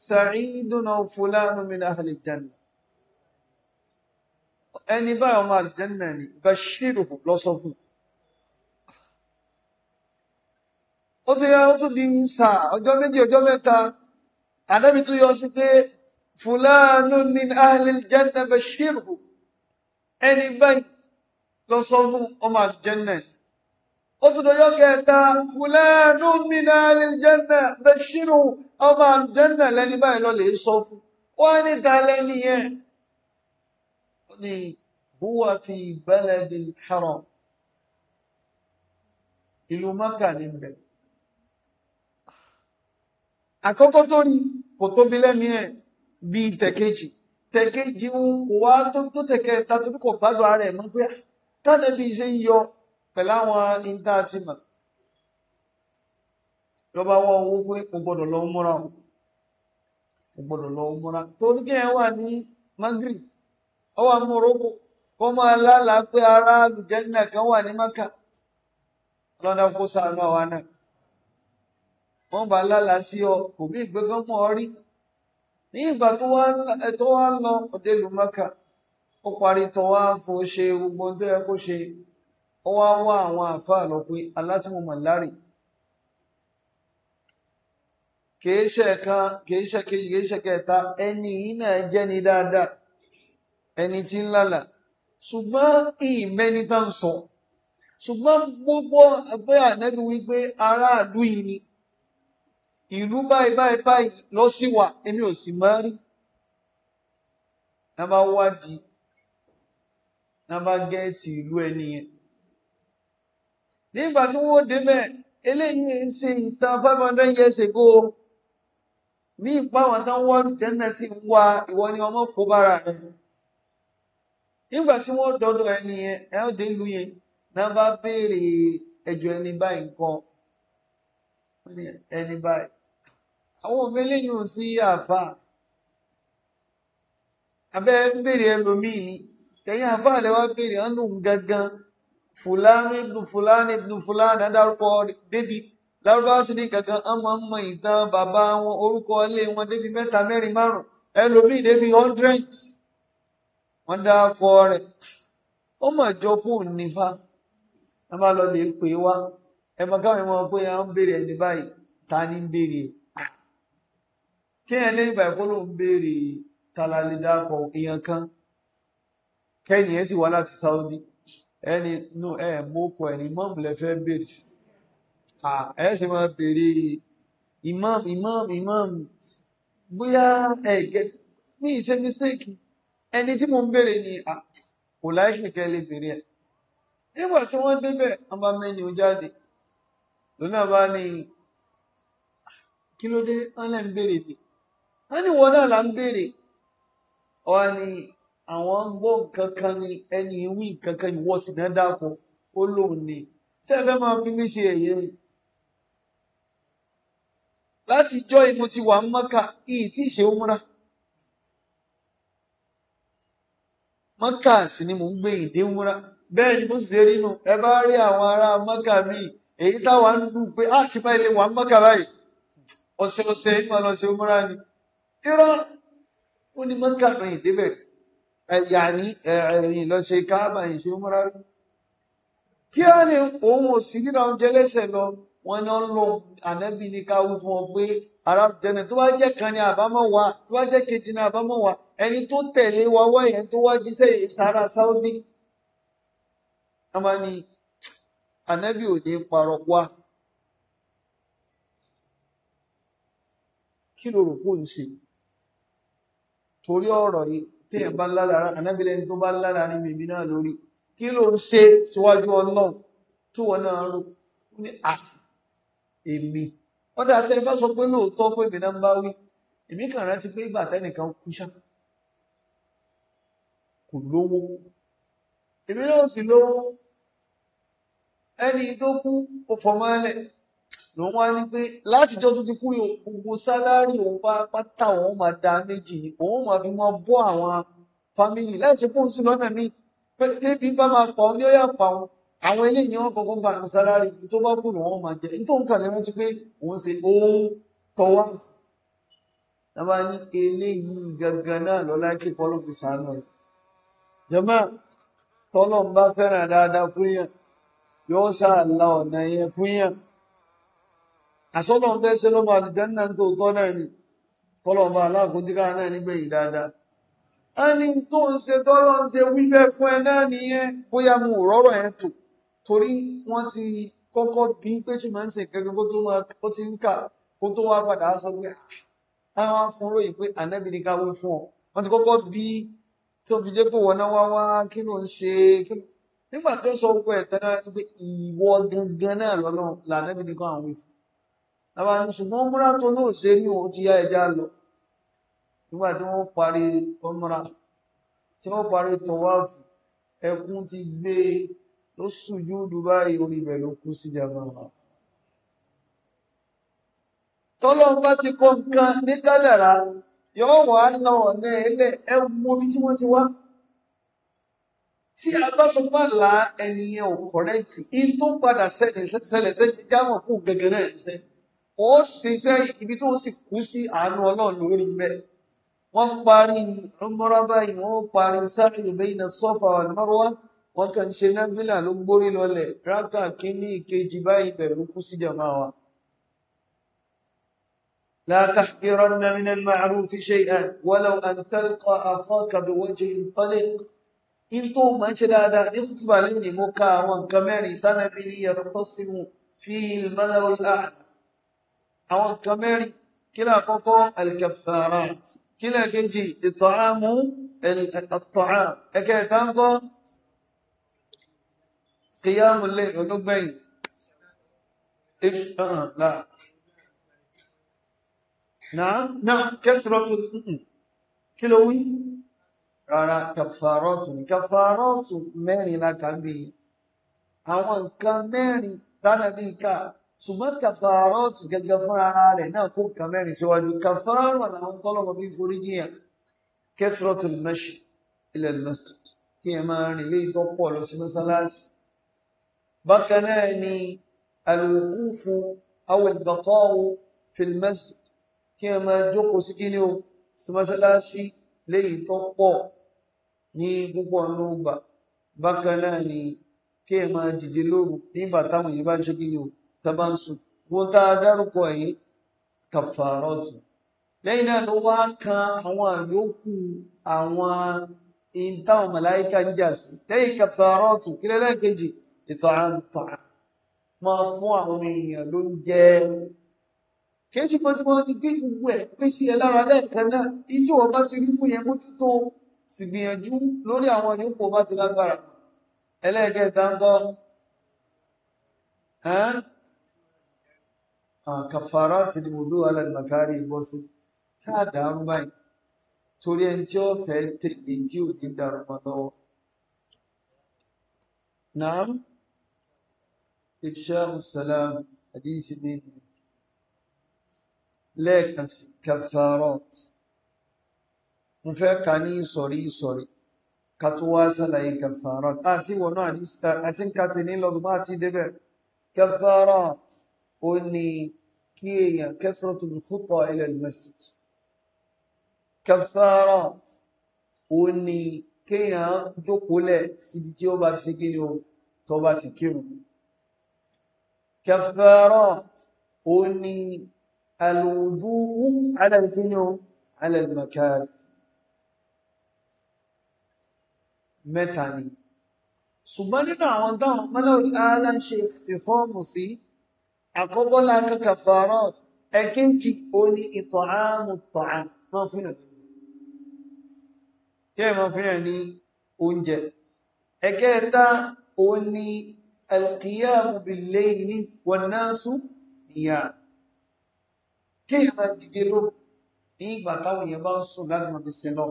sàìdùnà fúlànù min ahli janna ẹni báyọ̀ ọmọ àlìjánà ni bashiru lọ́sọ fún ó tún yá ó tún di ń sà ọjọ́ méjì ọjọ́ mẹ́ta àdábì tún yọ sí pé fulanun min ahlil janna bashirhu ẹni báyìí lọ sọ fún ọmọ àlùjẹ́nà ó tún dọjọ́ kẹta fulanun min ahlil janna bashirhu ọmọ àlùjẹ́nà lẹ́ni báyìí lọ lè sọ fún wọ́n ní ta lẹ́ni yẹn ní huwa fi baladil haram ìlú mọ́kà ní bẹ̀. àkọ́kọ́ tó rí kò tóbi lẹ́mìí ẹ̀ bíi tẹ̀kejì tẹ̀kejì ń kò wá tó tó tẹ̀kẹ́ ta torí kò gbádùn ara ẹ̀ pé tánà bí ṣe ń yọ pẹ̀lú àwọn intanẹtìmà lọ́ba wọn owó pé kò gbọ́dọ̀ lọ múra o kò gbọ́dọ̀ lọ múra torí kí wà ní Maghrib ọ wà máa pé wà ní Maka kó àwa náà bá ọ kò bí ní ìgbà tó wá eh, lọ òdèlú mọ́kà ó parí tó wá fò ṣe gbogbo tó yẹ kó ṣe ó wá wá àwọn àáfàá lọ pé alátìmọ̀mọ̀ lárì kìí ṣe kan kìí ṣe kejì kìí ṣe kẹta ẹni yìí náà jẹ́ni dáadáa ẹni tí ń lálà ṣùgbọ́n ìmẹ́ni tá ń sọ ṣùgbọ́n gbogbo ẹgbẹ́ ànẹ́bí wípé aráàlú yìí ni ìlú báyìí báyìí báyìí lọ sí wà èmi ò sì mọ́ rí náà bá wádìí náà bá gẹ́ẹ̀tì ìlú ẹni yẹn nígbà tí wọ́n débẹ̀ eléyìí ń ṣe ìtàn five hundred years ago ní ìpáwọn tán wọ́n jẹ́nà sí wá ìwọ ni ọmọ kó bára rẹ̀ nígbà tí wọ́n dọ́dọ̀ ẹni yẹn ẹ̀hún dé ìlú yẹn náà bá béèrè ẹjọ́ ẹni báyìí nǹkan ẹni báyìí àwọn òfin eléyìí ò sí àfà abẹ́ ń béèrè ẹlòmíì afa tẹ̀yìn àfà lẹ́wọ́ béèrè gangan fulani dùn fúlàní dùn fúlàní adárúkọ débi lárúbáwá sì gangan ama ama ìtàn baba wọn orúkọ ilé wọn débi mẹta mẹ́rin márùn ẹlòmíì débi hundred wọn dá ọkọ rẹ̀ ma mọ̀ kó nífa ẹ má lọ pè wá káwọn kéèyàn lé ìgbà ìkó ló ń béèrè talalida kan èèyàn kan kẹ́ni ẹ̀ sì wá láti Saudi ẹni nù ẹ̀ mọ́kọ ẹ̀ ní mọ́mù lẹ fẹ́ béèrè ẹ̀ ṣe máa béèrè imam imam imam bóyá ẹ̀ gẹ́ ní ìṣe mistake ẹni tí mo ń béèrè ni kò láìsí kẹ́ lè béèrè ẹ̀ nígbà tí wọ́n débẹ̀ wọ́n bá mẹ́ni ó jáde lónà bá ní kí ló dé wọ́n lẹ́ ń béèrè ni á ní wọn náà là ń béèrè ni àwọn ń gbọ́ ni ẹni ìwí nǹkan kan ìwọ sì náà dàpọ̀ ó lóun ni ṣé ẹ máa fi mí ṣe ẹ̀yẹ láti jọ ìmú ti wà mọ́kà ìyí tí mọ́kà sì ni mò ń gbé ìdí bẹ́ẹ̀ ni mo sì ṣe rí nu ẹ bá rí àwọn ará mọ́kà èyí táwa ń dùn pé ah, wà mọ́kà báyìí ọ̀sẹ̀ ọ̀sẹ̀ ni. irọ́ ó ní mọ́kà náà ìdébẹ̀ ẹ̀yà ní ẹ̀yìn lọ ṣe káàbà ìṣe múrárí kí á ní òun ò sí nínú oúnjẹ lẹ́sẹ̀ lọ wọn ni ó ń lo ànábì ní káwú fún ọ pé arábìnrin tó wá jẹ́ kan ní àbámọ̀ wa tó wá jẹ́ kejì ní àbámọ̀ wa ẹni tó tẹ̀lé wa wá yẹn torí ọ̀rọ̀ yìí tí ẹ̀ bá lára anábìlẹ̀ tó bá lára ní mímí náà lórí kí ló ń ṣe síwájú ọlọ́run tó wọn náà rú ní àṣì èmi wọ́n dá tẹ́ bá sọ pé lóòótọ́ pé èmi náà ń bá wí èmi kàn rántí pé ìgbà tẹ́nìkan kú ṣá kò lówó èmi náà sì lówó ẹni tó kú ó fọmọ́ ẹlẹ́ẹ̀ lòun wá ní pé látijọ́ tó ti kú yìí gbogbo sálárì òun bá pátá òun máa da méjì ni òun máa fi máa bọ́ àwọn fámìlì láì ṣe pòun sí lọ́nà míì pé débi bá máa pa òun ní ó pa òun àwọn eléyìí ni wọ́n kọ́kọ́ gba àwọn sálárì tó bá kù lòun máa jẹ nítorí nǹkan ni wọ́n ti pé òun ṣe òun tọwọ́ lábàá ní eléyìí gangan náà lọ́lá kí kọ́lọ́ fi sànù rẹ̀ jọmọ́ tọ́lọ́ ń bá fẹ́ràn dáadáa fún yẹn yóò ṣàlà àsọ́nà ń fẹ́ ṣe lọ́mọ àdìjẹ́nà tó tọ́ náà ni kọlọ̀ọ̀bà aláàkójíká náà nígbẹ̀yìn dáadáa ẹni tó ń ṣe tọ́lọ́ ń ṣe wíbẹ̀ fún ẹ náà nìyẹn bóyá mo rọ́rọ̀ ẹ tò torí wọ́n ti kọ́kọ́ bí pé ṣì máa ń ṣe kankan kó tó máa kó ti ń kà kó tó wá padà sọ pé àwọn afúnròyìn pé ànábì ní káwé fún ọ wọ́n ti kọ́kọ́ bí tó fi jẹ́ pé wọ́n náà wá wá kí ló ń àwọn àni ṣùgbọ́n múra tó náà ṣe ní òun ti yá ẹja lọ nígbà tí wọ́n parí ọmọra tí wọ́n parí tọwáfù ẹkún ti gbé ló sùjú dubai orí ibẹ̀ ló kú sí jamana tọ́lọ́run bá ti kọ́ nǹkan ní kádàrá yóò wà lọ ọ̀nà ilẹ̀ ẹwọ omi tí wọ́n ti wá tí a bá sọ bá la ẹnìyẹn ò kọ̀rẹ́ǹtì in tó padà ṣẹlẹ̀ ṣẹlẹ̀ ṣẹlẹ̀ jámọ̀ kú gẹ́gẹ́rẹ́ ṣẹlẹ̀ ó ṣiṣẹ́ ibi tó sì kú sí àánú ọlọ́run lórí bẹ́ẹ̀ wọ́n parí umrah báyìí wọ́n parí sáàyè bayna Safa wal Marwa wọ́n kàn ṣe náfìlà ló gbórí lọlẹ̀ rákà kínní ìkejì báyìí pẹ̀lú kú sí jàmáà wa. لا تحقرن من المعروف شيئا ولو أن تلقى أخاك بوجه طلق in tó máa ń ṣe dáadáa ní kútùbà lẹ́yìn mo ka àwọn nǹkan mẹ́rin tánàbí ní yàtọ̀ tó sinmi fi ìlú àwọn nǹkan mẹ́rin kílà àkọ́kọ́ alkafarat kílà kejì ìtọ́ámú ẹ̀tọ́ám ẹ̀kẹ́ ìtàǹkọ́ kìyàmùlé olúgbẹ̀yìn náà uh-uh, náà kẹsìrọ́tù kí ló wí rárá kàfàrọ́tù kàfàrọ́tù mẹ́rin lákàmbí àwọn nǹkan mẹ́rin tánàbí káà ṣùgbọ́n kàfàrọ́ọ̀tì gẹ́gẹ́ fún ara rẹ̀ náà kó kan mẹ́rin síwájú kàfàrọ́ làwọn tọ́lọ́mọ bí forí jiyàn kẹ́tìrọ́tù mẹ́ṣì ilẹ̀ masjid kí ẹ máa rìn lé ìtọ́ pọ̀ lọ sí mọ́sálásì bákan náà ni alwuqufu aw albaqa'u fil masjid kí ẹ máa jókòó sí kí ni o sí mọ́sálásì lé ìtọ́ pọ̀ ní púpọ̀ nùgbà bákan náà ni kí ẹ máa dìde lóru nígbà táwọn yìí bá ń ṣe kí ni o tọ́bá ń sùn wọ́n tá a dárúkọ yìí kàfàrọ́tù lẹ́yìn náà ló wá kan àwọn àyókù àwọn ìntàwọn màláíkà ń jà sí lẹ́yìn kàfàrọ́tù kí lẹ́lẹ́kejì ìtọ̀ àǹtà máa fún àwọn èèyàn ló ń jẹ kìí ṣe gbogbo ní gbé gbogbo ẹ̀ pé sí ẹ lára lẹ́ẹ̀kan náà ìjọ ọba ti rí mú yẹn mójútó sì gbìyànjú lórí àwọn àyókù ọba ti lágbára ẹlẹ́ẹ̀kẹta ń kọ́ kàfàrà ti ní wùdú alàlùmọ̀kárì bọ́ sí tá a dàrú báyìí torí ẹni tí ó fẹ́ tèlé tí ò ní dàrú mọ́ lọ́wọ́. náà ifṣẹ́ musalam àdínsí nínú lẹ́ẹ̀kan sí kàfàrà mo fẹ́ ka ní ìsọ̀rí ìsọ̀rí ká tó wá ṣàlàyé kàfàrà àti ìwọ̀n náà àti ń ka tèmi lọ́dún bá ti débẹ̀ kàfàrà ó ní kí èèyàn kathratul khuta ila al-masjid kafarat ó ní kéèyàn jókòólẹ̀ síbi tí ó bá ti ṣe kí ni o tó bá ti kírun kafarat ó ní al-wudu'u ala kí ni o ala al-makari mẹ́ta ni ṣùgbọ́n nínú àwọn dáhùn mọ́lá ààlá ń ṣe ìtìsọ́ọ̀mù sí àkọ́kọ́ láàkà kafarot ẹ̀kẹ́jì ó ní ìtọ̀ ààmù tọ̀à mọ́ fún ẹ̀ kí ẹ mọ́ fún ẹ̀ ní oúnjẹ ẹ̀kẹ́ta ó ní alqiyamu bil-layli wan-nasu niyam kí ẹ máa dìde ló ní ìgbà táwọn èèyàn bá ń sùn láti mọ̀ bíṣẹ́ náà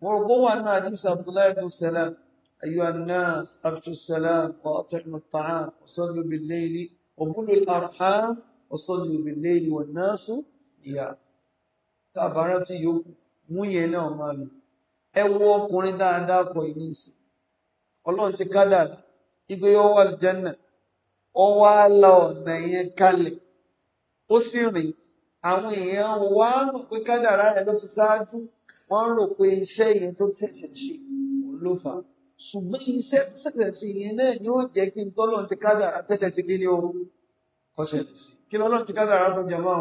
mo rò pé náà àdìs abdullahi ibn salam ayyuhan nas afshu salam wa at'imu taam wa sallu bil ọ̀búlù àrùhá ọ̀sọ́lù ìbìlẹ̀ ìwọ̀n náà sún ìyá tàbára tí yóò mú yẹn náà máa lò ẹ wo ọkùnrin dáadáa kọ ìní ìsìn ọlọ́run ti kádàrá igbe yóò wà lùjánà ọ wá la ọ̀nà yẹn kalẹ̀ ó sì rìn àwọn èèyàn wá mọ̀ pé kádàrá rẹ̀ ló ti ṣáájú wọ́n rò pé iṣẹ́ yẹn tó tẹ̀sẹ̀ ṣe ló fà á ṣùgbọ́n iṣẹ́ tó ṣẹlẹ̀ sí yẹn náà ni ó jẹ́ kí n tọ́lọ́ ti kádàrá tẹ́lẹ̀ sí kíní o kọ́ṣẹ̀lẹ̀ sí kí lọ́lọ́ ti kádàrá fún jẹmọ́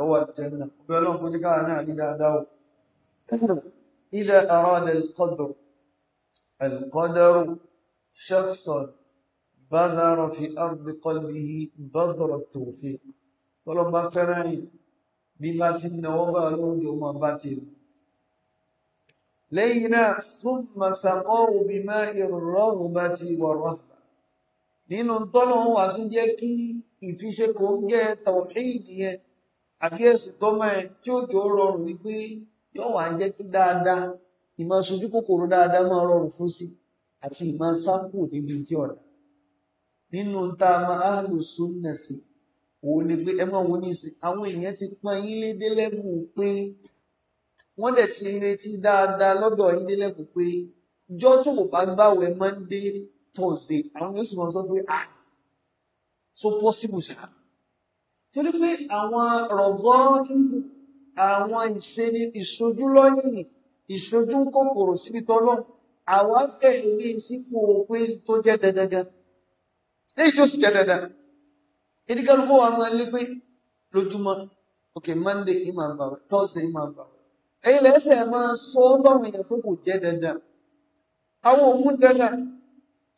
ẹwà jẹ́nà ọbẹ̀ ọlọ́run kó ti káà náà ní dáadáa o إذا أراد القدر القدر شخصا بذر في أرض قلبه بذر التوفيق tọ́lọ́ bá fẹ́ràn yìí bí bá ti náwó bá lóòjò máa bá ti rí lẹ́yìn náà súnmọ̀ sàkọ́ òbí máa ìrọ̀rùn bá ti wọ̀rọ̀ nínú tọ́lọ́hún wà tún jẹ́ kí ìfiṣẹ́ kò ń jẹ́ tàwíìdì yẹn àbí ẹ̀sìn tó tí ó jọ rọrùn ni pé yóò jẹ́ kí dáadáa ìmọ̀ sojú kòkòrò dáadáa ma rọrùn fún wọ́n dẹ̀ ti retí dáadáa lọ́dọ̀ yín délẹ́kùn pé ìjọ tó kò bá gbàwẹ̀ Monday Thursday àwọn yóò sì máa sọ pé ah so possible ṣá torí pé àwọn rọ̀gọ́ ìlú àwọn ìṣeni ìṣojú lọ́yìn ìṣojú kòkòrò síbi tọ́lọ́ àwa fẹ́ ní sípò pé tó jẹ́ dandandan léyìí tó sì jẹ́ dandan ìdíkàlùkọ́ wa máa lé pé lójúmọ́ ok Monday ìmọ̀ àgbàwẹ̀ Thursday ìmọ̀ àgbàwẹ̀. ẹ̀yin lẹ́sẹ̀ máa sọ báwọn èèyàn pé kò jẹ́ dandan àwọn òun dandan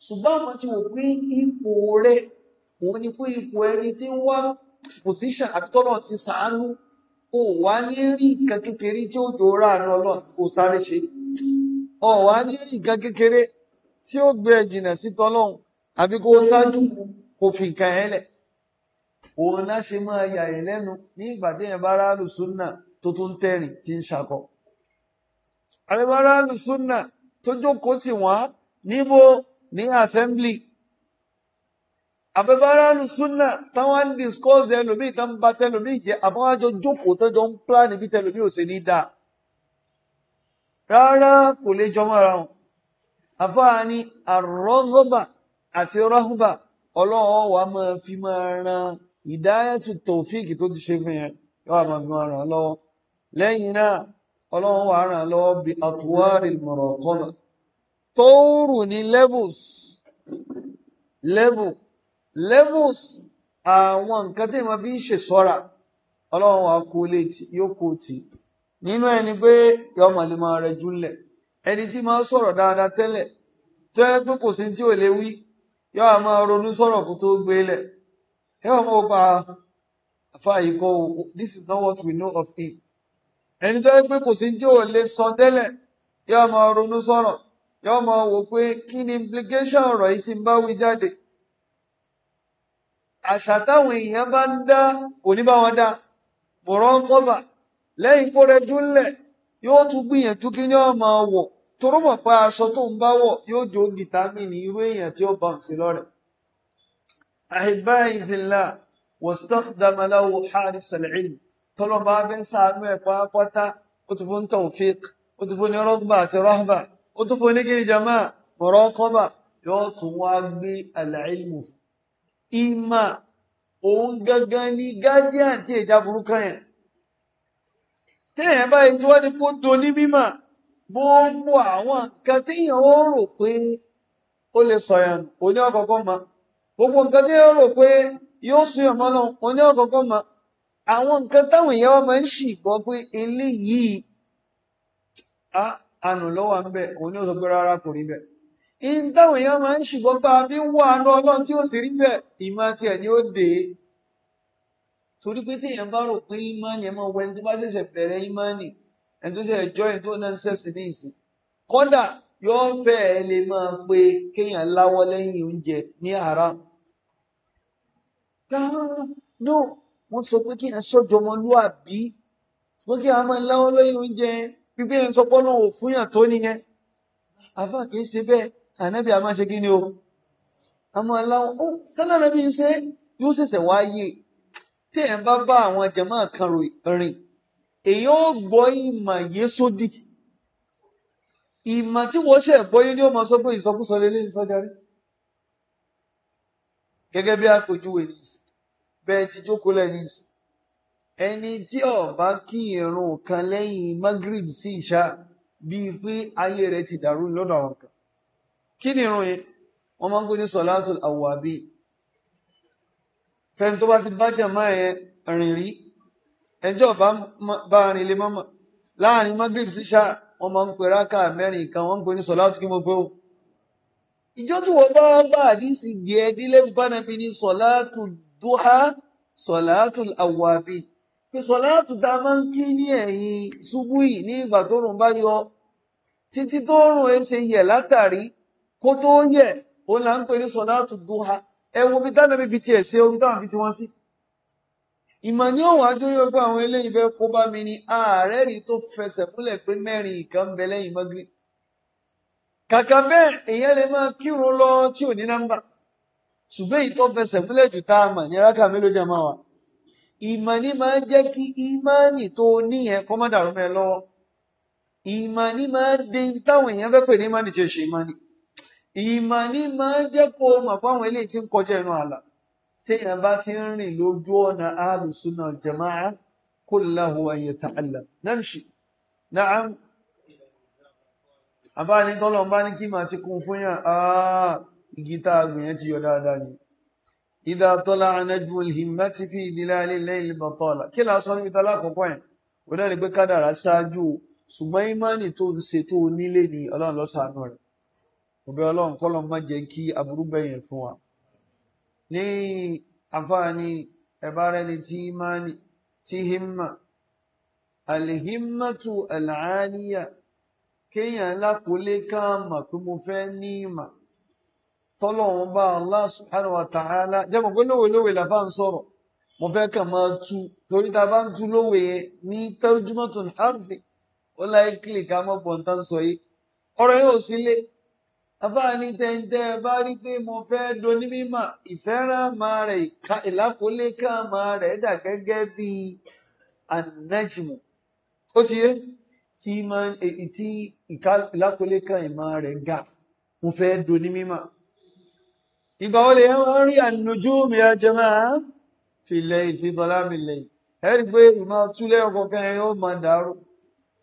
ṣùgbọ́n àwọn tí wò pé ipò rẹ òun ni pé ipò ẹni tí ń wá pòsíṣàn ti sàánú kò wá ní rí nǹkan kékeré tí ó jò ráàánú ọlọ́run kò sáré ṣe ọ̀ wá ní rí nǹkan kékeré tí ó gbé sí tọ́lọ́run àbí kò fi nǹkan ẹ̀ tó tún tẹ́rìn tí ń ṣakọ. àbẹ̀bára lùsùnà tó jókòó tì wọ́n níbo ní assembly àbẹ̀bára lùsùnà táwọn ń discuss ẹlòmíì tó ń ba tẹlòmíì jẹ àbọ̀n àjọ jókòó tó jọ ń plan bí tẹlòmíì ò ṣe ní dáa rárá kò lè jọmọ́ ara wọn àfáà àrọ́gọ́bà àti rọ́gọ́bà ọlọ́wọ́ wa máa fi máa ran ìdáyàtú tòfíìkì tó ti ṣe fún yẹn yóò máa fi máa ràn án lọ́wọ́. lẹ́yìn náà ọlọ́run wà ràn lọ́wọ́ bí àtúwárì muraqaba tóòrù ní levels level levels àwọn nǹkan tí fi ń ṣe sọ́ra ọlọ́run wà kó yóò kó tì nínú ẹni pé rẹ júlẹ̀ ẹni tí máa sọ̀rọ̀ dáadáa tẹ́lẹ̀ tó pé kò sí tí ò lè wí yọ à máa ronú sọ̀rọ̀ kó ah, this is not what we know of him ẹni tó yẹ pé kò sí tí ò lè sọ tẹ́lẹ̀ yóò máa ronú sọ̀rọ̀ yóò máa wò pé kí ni implication ọ̀rọ̀ yìí ti ń bá wí jáde àṣà táwọn èèyàn bá ń dá kò ní bá wọn dá mọ̀rọ́ńkọ́bà lẹ́yìn kó rẹjú ńlẹ̀ yóò tún gbìyànjú kí ni wọ́n máa wọ̀ toró mọ̀ pé aṣọ tó ń bá wọ̀ yóò jó gìtámì irú èèyàn tí ó bá ń sí lọ́rẹ̀. àìbáyìí fillah wastakhdama lahu haris al-ilm tọ́lọ́n bá fi ń sàánú ẹ̀ pátápátá ó ti fún tawfiq ó ti fún ní rọ́gbà àti rahba ó ti fún ní kíni jama muraqaba yóò tún wá gbé al-ilmu ìmà òun gangan ní guardian tí ìjà burúkú yẹn téèyàn báyìí tí wọ́n ti kó do ní mímà gbogbo àwọn nǹkan téèyàn ó rò pé ó lè sọ̀yàn òní ọ̀kọ̀ọ̀kan mọ́ gbogbo nǹkan téèyàn ó rò pé yóò sún yàn mọ́ lọ́wọ́ òní ọ̀kọ̀ọ̀kan mọ́ àwọn nǹkan táwọn èèyàn wa máa ń ṣì gbọ́ pé eléyìí àánú lọ́wọ́ ń bẹ̀ òun ni ó sọ pé rárá kò rí bẹ́ẹ̀ in táwọn èèyàn máa ń ṣì gbọ́ pé àbí ń wà àánú ọlọ́run tí ó sì rí bẹ́ẹ̀ ìmọ̀ tiẹ̀ ni ó dé torí pé téèyàn bá rò pé ìmánì ẹ̀ máa wọ ẹni tó bá ṣẹ̀ṣẹ̀ bẹ̀rẹ̀ ìmánì ẹni tó ṣẹ̀ṣẹ̀ jọ́ ẹni tó náà ń ṣẹ̀sì ní ìsìn kódà yóò fẹ́ ẹ lè máa pe kéèyàn láwọ́ lẹ́yìn oúnjẹ ní haram. no wọ́n sọ pé kí n ṣọ́jọ́ ọmọlúàbí pé kí a máa láwọ́ lórí oúnjẹ pípé ń sọ pọ́nà òfúnyàn tó nìyẹn àfà kì í ṣe bẹ́ẹ̀ ànábì a máa ṣe kí ni o a máa láwọ́ ó sálàrà bí n ṣe yóò ṣẹ̀ṣẹ̀ wáyé tí ẹ̀ ń bá bá àwọn jẹ̀mọ́ kan rìn èèyàn ó gbọ́ ìmọ̀ yé sódì ìmọ̀ tí wọ́n ṣẹ̀ gbọ́yé ni ó máa sọ pé ìsọkúsọ lélẹ́yìn sọ́jà rí gẹ́gẹ́ bí àpèjúwe nìyí bẹ́ẹ̀ ti jókòó lẹ́yìn ẹni tí ó bá kí irun kan lẹ́yìn magrib sí ìṣá bíi pé ayé rẹ̀ ti dàrú lọ́dọ̀ àwọn kan kí ni irun yẹn wọ́n máa ń gbé ní sọ̀láàtù àwàbí fẹ́ni tó bá ti bá jàmá ẹ̀ rìn rí ẹjọ́ bá rìn lè mọ́mọ́ láàrin magrib sí ìṣá wọ́n máa ń pe rákà mẹ́rin kan wọ́n ń gbé ní sọ̀láàtù kí mo gbé o ìjọ́ tí bá bá àdísì dúhá sọ̀látù àwàbí pé sọ̀látù dá máa ń kí ní ẹ̀yìn ṣubú yìí ní ìgbà tó rùn bá yọ títí tó rùn ẹ ṣe yẹ látàrí kó tó yẹ ó là ń pè ní sọ̀látù dúhá ẹ wo bí dáná fi tiẹ̀ ṣe omi táwọn fi ti wọ́n sí. ìmọ̀ ní òun àjọ yóò gbọ́ àwọn eléyìí fẹ́ kó bá mi ní ààrẹ rí tó fẹsẹ̀ múlẹ̀ pé mẹ́rin ìkan bẹ lẹ́yìn mọ́gírí kàkà bẹ́ẹ̀ èèyàn lè máa kírun lọ tí ò ní nọ́mbà ṣùgbọ́n èyí tó fẹsẹ̀ múlẹ̀ jù tá a mọ̀ ní rákà mélòó jẹ́ máa wà ìmọ̀ ní máa ń jẹ́ kí ìmánì tó níyẹn kó má dàrú mẹ́ lọ́wọ́ ìmọ̀ ní máa ń dín táwọn èèyàn fẹ́ pè ní ìmánì tí ó ṣe ìmánì ìmọ̀ ní máa ń jẹ́ kó mọ̀ fáwọn eléyìí tí ń kọjá ẹnu àlà téèyàn bá ti ń rìn lójú ọ̀nà àlùsùnà jama'a kullahu an yata'allam namshi na'am àbá ní tọ́lọ̀ igi tá a gbìn yẹn ti yọ dáadáa ni ìdá tọ́lá anájú olùhìmá ti fi ìdílé alẹ́ lẹ́yìn bàtọ́lá kí là á sọ níbi tálá àkọ́kọ́ yẹn ó náà ní pé kádàrá ṣáájú ṣùgbọ́n ìmánì tó ń ṣe tó nílé ni ọlọ́run lọ́sàánú rẹ̀ káàmà pé mo fẹ́ ní ìmọ̀ tọ́lọ́run bá Allah subhanahu wa ta'ala jẹ́ mọ̀ pé lówe lówe làfà ń sọ̀rọ̀ mo fẹ́ kàn máa tu torí ta bá ń tu lówe yẹn ní tarjumatun harfi ó láyé kílì ká mọ́ pọ̀ntà ń sọ yìí ọ̀rọ̀ yóò sí lé afáàní tẹ́ntẹ́ bá rí pé mo fẹ́ doni mímà ìfẹ́ràn máa rẹ̀ ìlákòólé ká dà gẹ́gẹ́ bí anájìmù ó ti yé tí ìlákòólé ká ìmọ̀ ga mo fẹ́ doni mímà ìgbà wọlé yẹn wọ́n rí ànojú mi àjẹmọ́ filẹ̀ ìfidọ́lá mi lẹ̀ ẹ̀rí pé ìmọ̀ túlẹ̀ ọkọ̀ kan yẹn ó máa dàrú